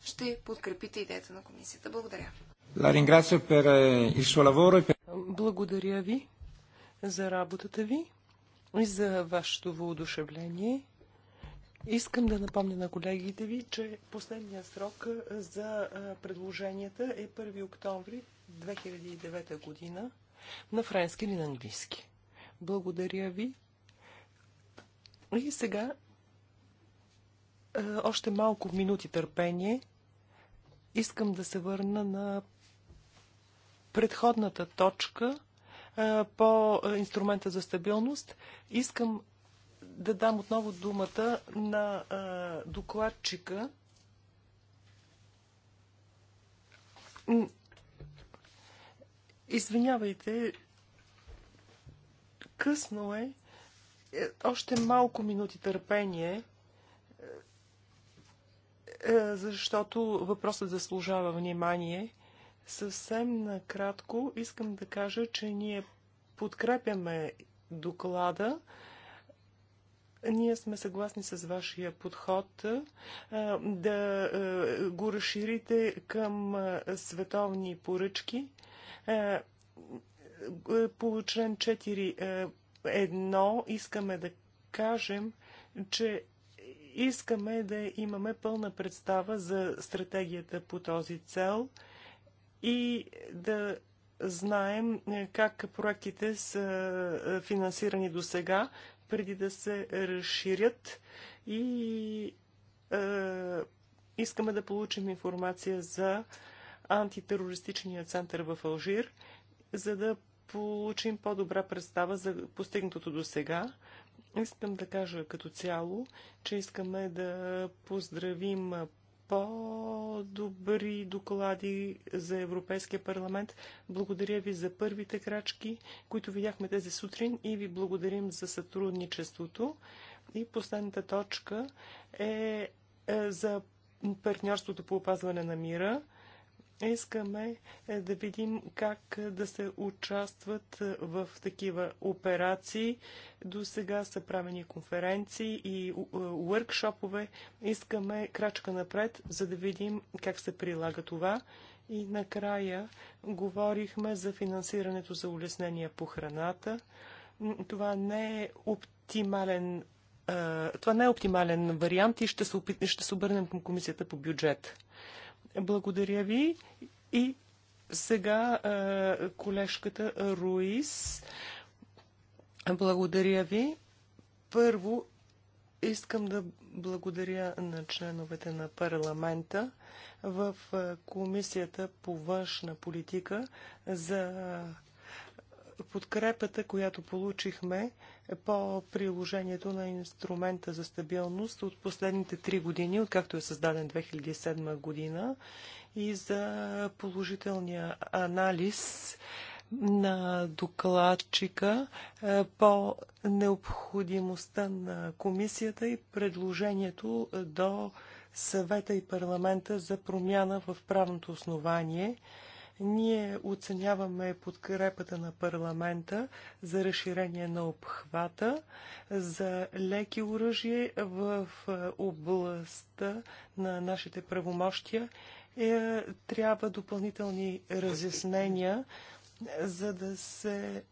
ще подкрепите идеята на комисията. Благодаря. Eh, e Благодаря ви за работата ви и за вашето воодушевление. Искам да напомня на колегите ви, че последния срок е, за е, предложенията е 1 октомври 2009 година на френски или на английски. Благодаря ви. И сега е, още малко минути търпение. Искам да се върна на предходната точка по инструмента за стабилност. Искам да дам отново думата на докладчика. Извинявайте, късно е. е. Още малко минути търпение. Е, защото въпросът заслужава внимание. Съвсем накратко искам да кажа, че ние подкрепяме доклада. Ние сме съгласни с вашия подход е, да е, го разширите към световни поръчки. По член 4.1 искаме да кажем, че Искаме да имаме пълна представа за стратегията по този цел и да знаем е, как проектите са е, финансирани до сега, преди да се разширят и е, искаме да получим информация за антитерористичния център в Алжир, за да получим по-добра представа за постигнатото до сега Искам да кажа като цяло, че искаме да поздравим по-добри доклади за Европейския парламент. Благодаря ви за първите крачки, които видяхме тези сутрин и ви благодарим за сътрудничеството. И последната точка е, е за партньорството по опазване на мира. Искаме е, да видим как е, да се участват е, в такива операции. До сега са правени конференции и въркшопове. Искаме крачка напред, за да видим как се прилага това. И накрая говорихме за финансирането за улеснения по храната. Това не е оптимален това не е оптимален вариант и ще се, опит... ще се обърнем към комисията по бюджет. Благодаря ви. И сега колежката Руис. Благодаря ви. Първо искам да благодаря на членовете на парламента в Комисията по външна политика за подкрепата, която получихме по приложението на инструмента за стабилност от последните три години, откакто е създаден 2007 година и за положителния анализ на докладчика е, по необходимостта на комисията и предложението до съвета и парламента за промяна в правното основание – ние оценяваме подкрепата на парламента за разширение на обхвата за леки оръжия в областта на нашите правомощия. Е, трябва допълнителни разяснения, за да се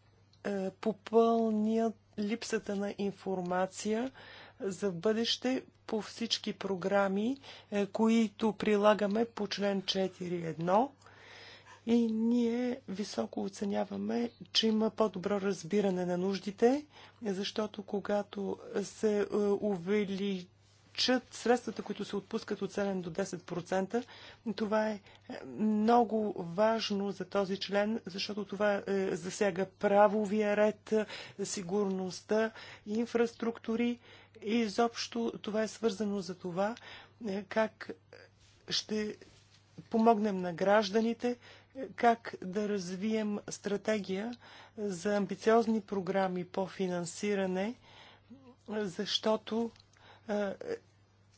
е, попълнят липсата на информация за бъдеще по всички програми, е, които прилагаме по член 4.1. И ние високо оценяваме, че има по-добро разбиране на нуждите, защото когато се е, увеличат средствата, които се отпускат от 7 до 10%. Това е, е много важно за този член, защото това е, засяга правовия ред, сигурността, инфраструктури и изобщо това е свързано за това как ще помогнем на гражданите, как да развием стратегия за амбициозни програми по финансиране, защото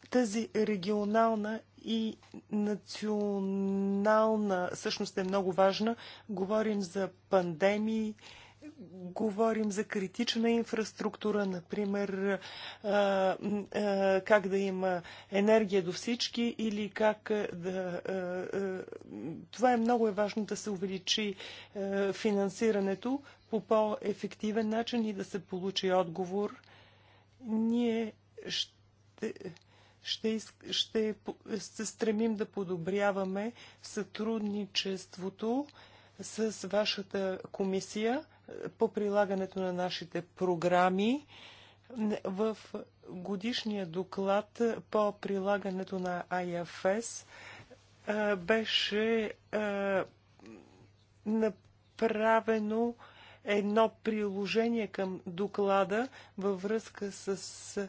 тази регионална и национална всъщност е много важна. Говорим за пандемии, говорим за критична инфраструктура, например как да има енергия до всички или как да... Това е много е важно да се увеличи финансирането по по-ефективен начин и да се получи отговор. Ние ще ще, ще се стремим да подобряваме сътрудничеството с вашата комисия, по прилагането на нашите програми в годишния доклад по прилагането на IFS беше направено едно приложение към доклада във връзка с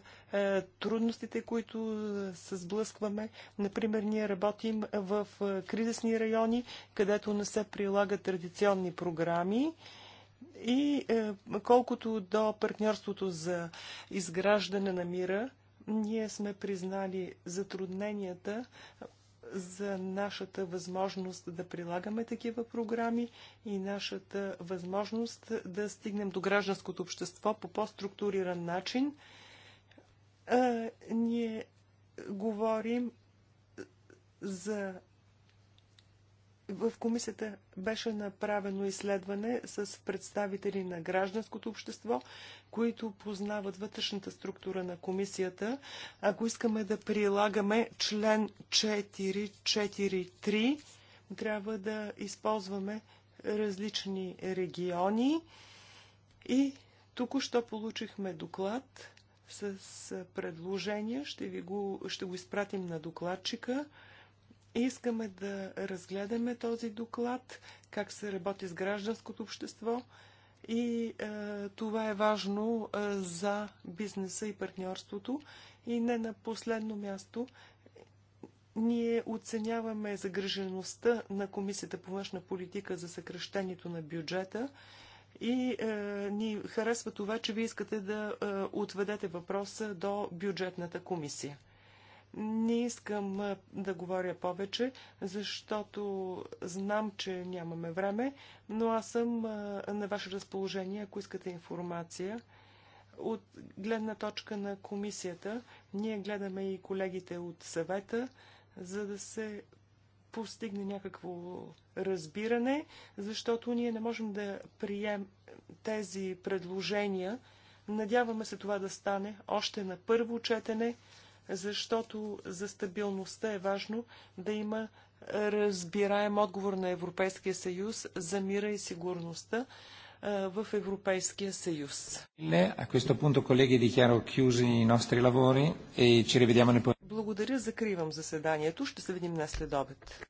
трудностите, които се сблъскваме. Например, ние работим в кризисни райони, където не се прилагат традиционни програми. И е, колкото до партньорството за изграждане на мира, ние сме признали затрудненията за нашата възможност да прилагаме такива програми и нашата възможност да стигнем до гражданското общество по по-структуриран начин. Е, ние говорим за в комисията беше направено изследване с представители на гражданското общество, които познават вътрешната структура на комисията. Ако искаме да прилагаме член 443, трябва да използваме различни региони. И тук що получихме доклад с предложения. Ще, ви го, ще го изпратим на докладчика. Искаме да разгледаме този доклад, как се работи с гражданското общество и е, това е важно е, за бизнеса и партньорството. И не на последно място, ние оценяваме загрижеността на Комисията по външна политика за съкръщението на бюджета и е, ни харесва това, че ви искате да е, отведете въпроса до бюджетната комисия. Не искам да говоря повече, защото знам, че нямаме време, но аз съм на ваше разположение, ако искате информация. От гледна точка на комисията, ние гледаме и колегите от съвета, за да се постигне някакво разбиране, защото ние не можем да прием тези предложения. Надяваме се това да стане още на първо четене защото за стабилността е важно да има разбираем отговор на Европейския съюз за мира и сигурността в Европейския съюз. E Благодаря, закривам заседанието. Ще се видим на следобед.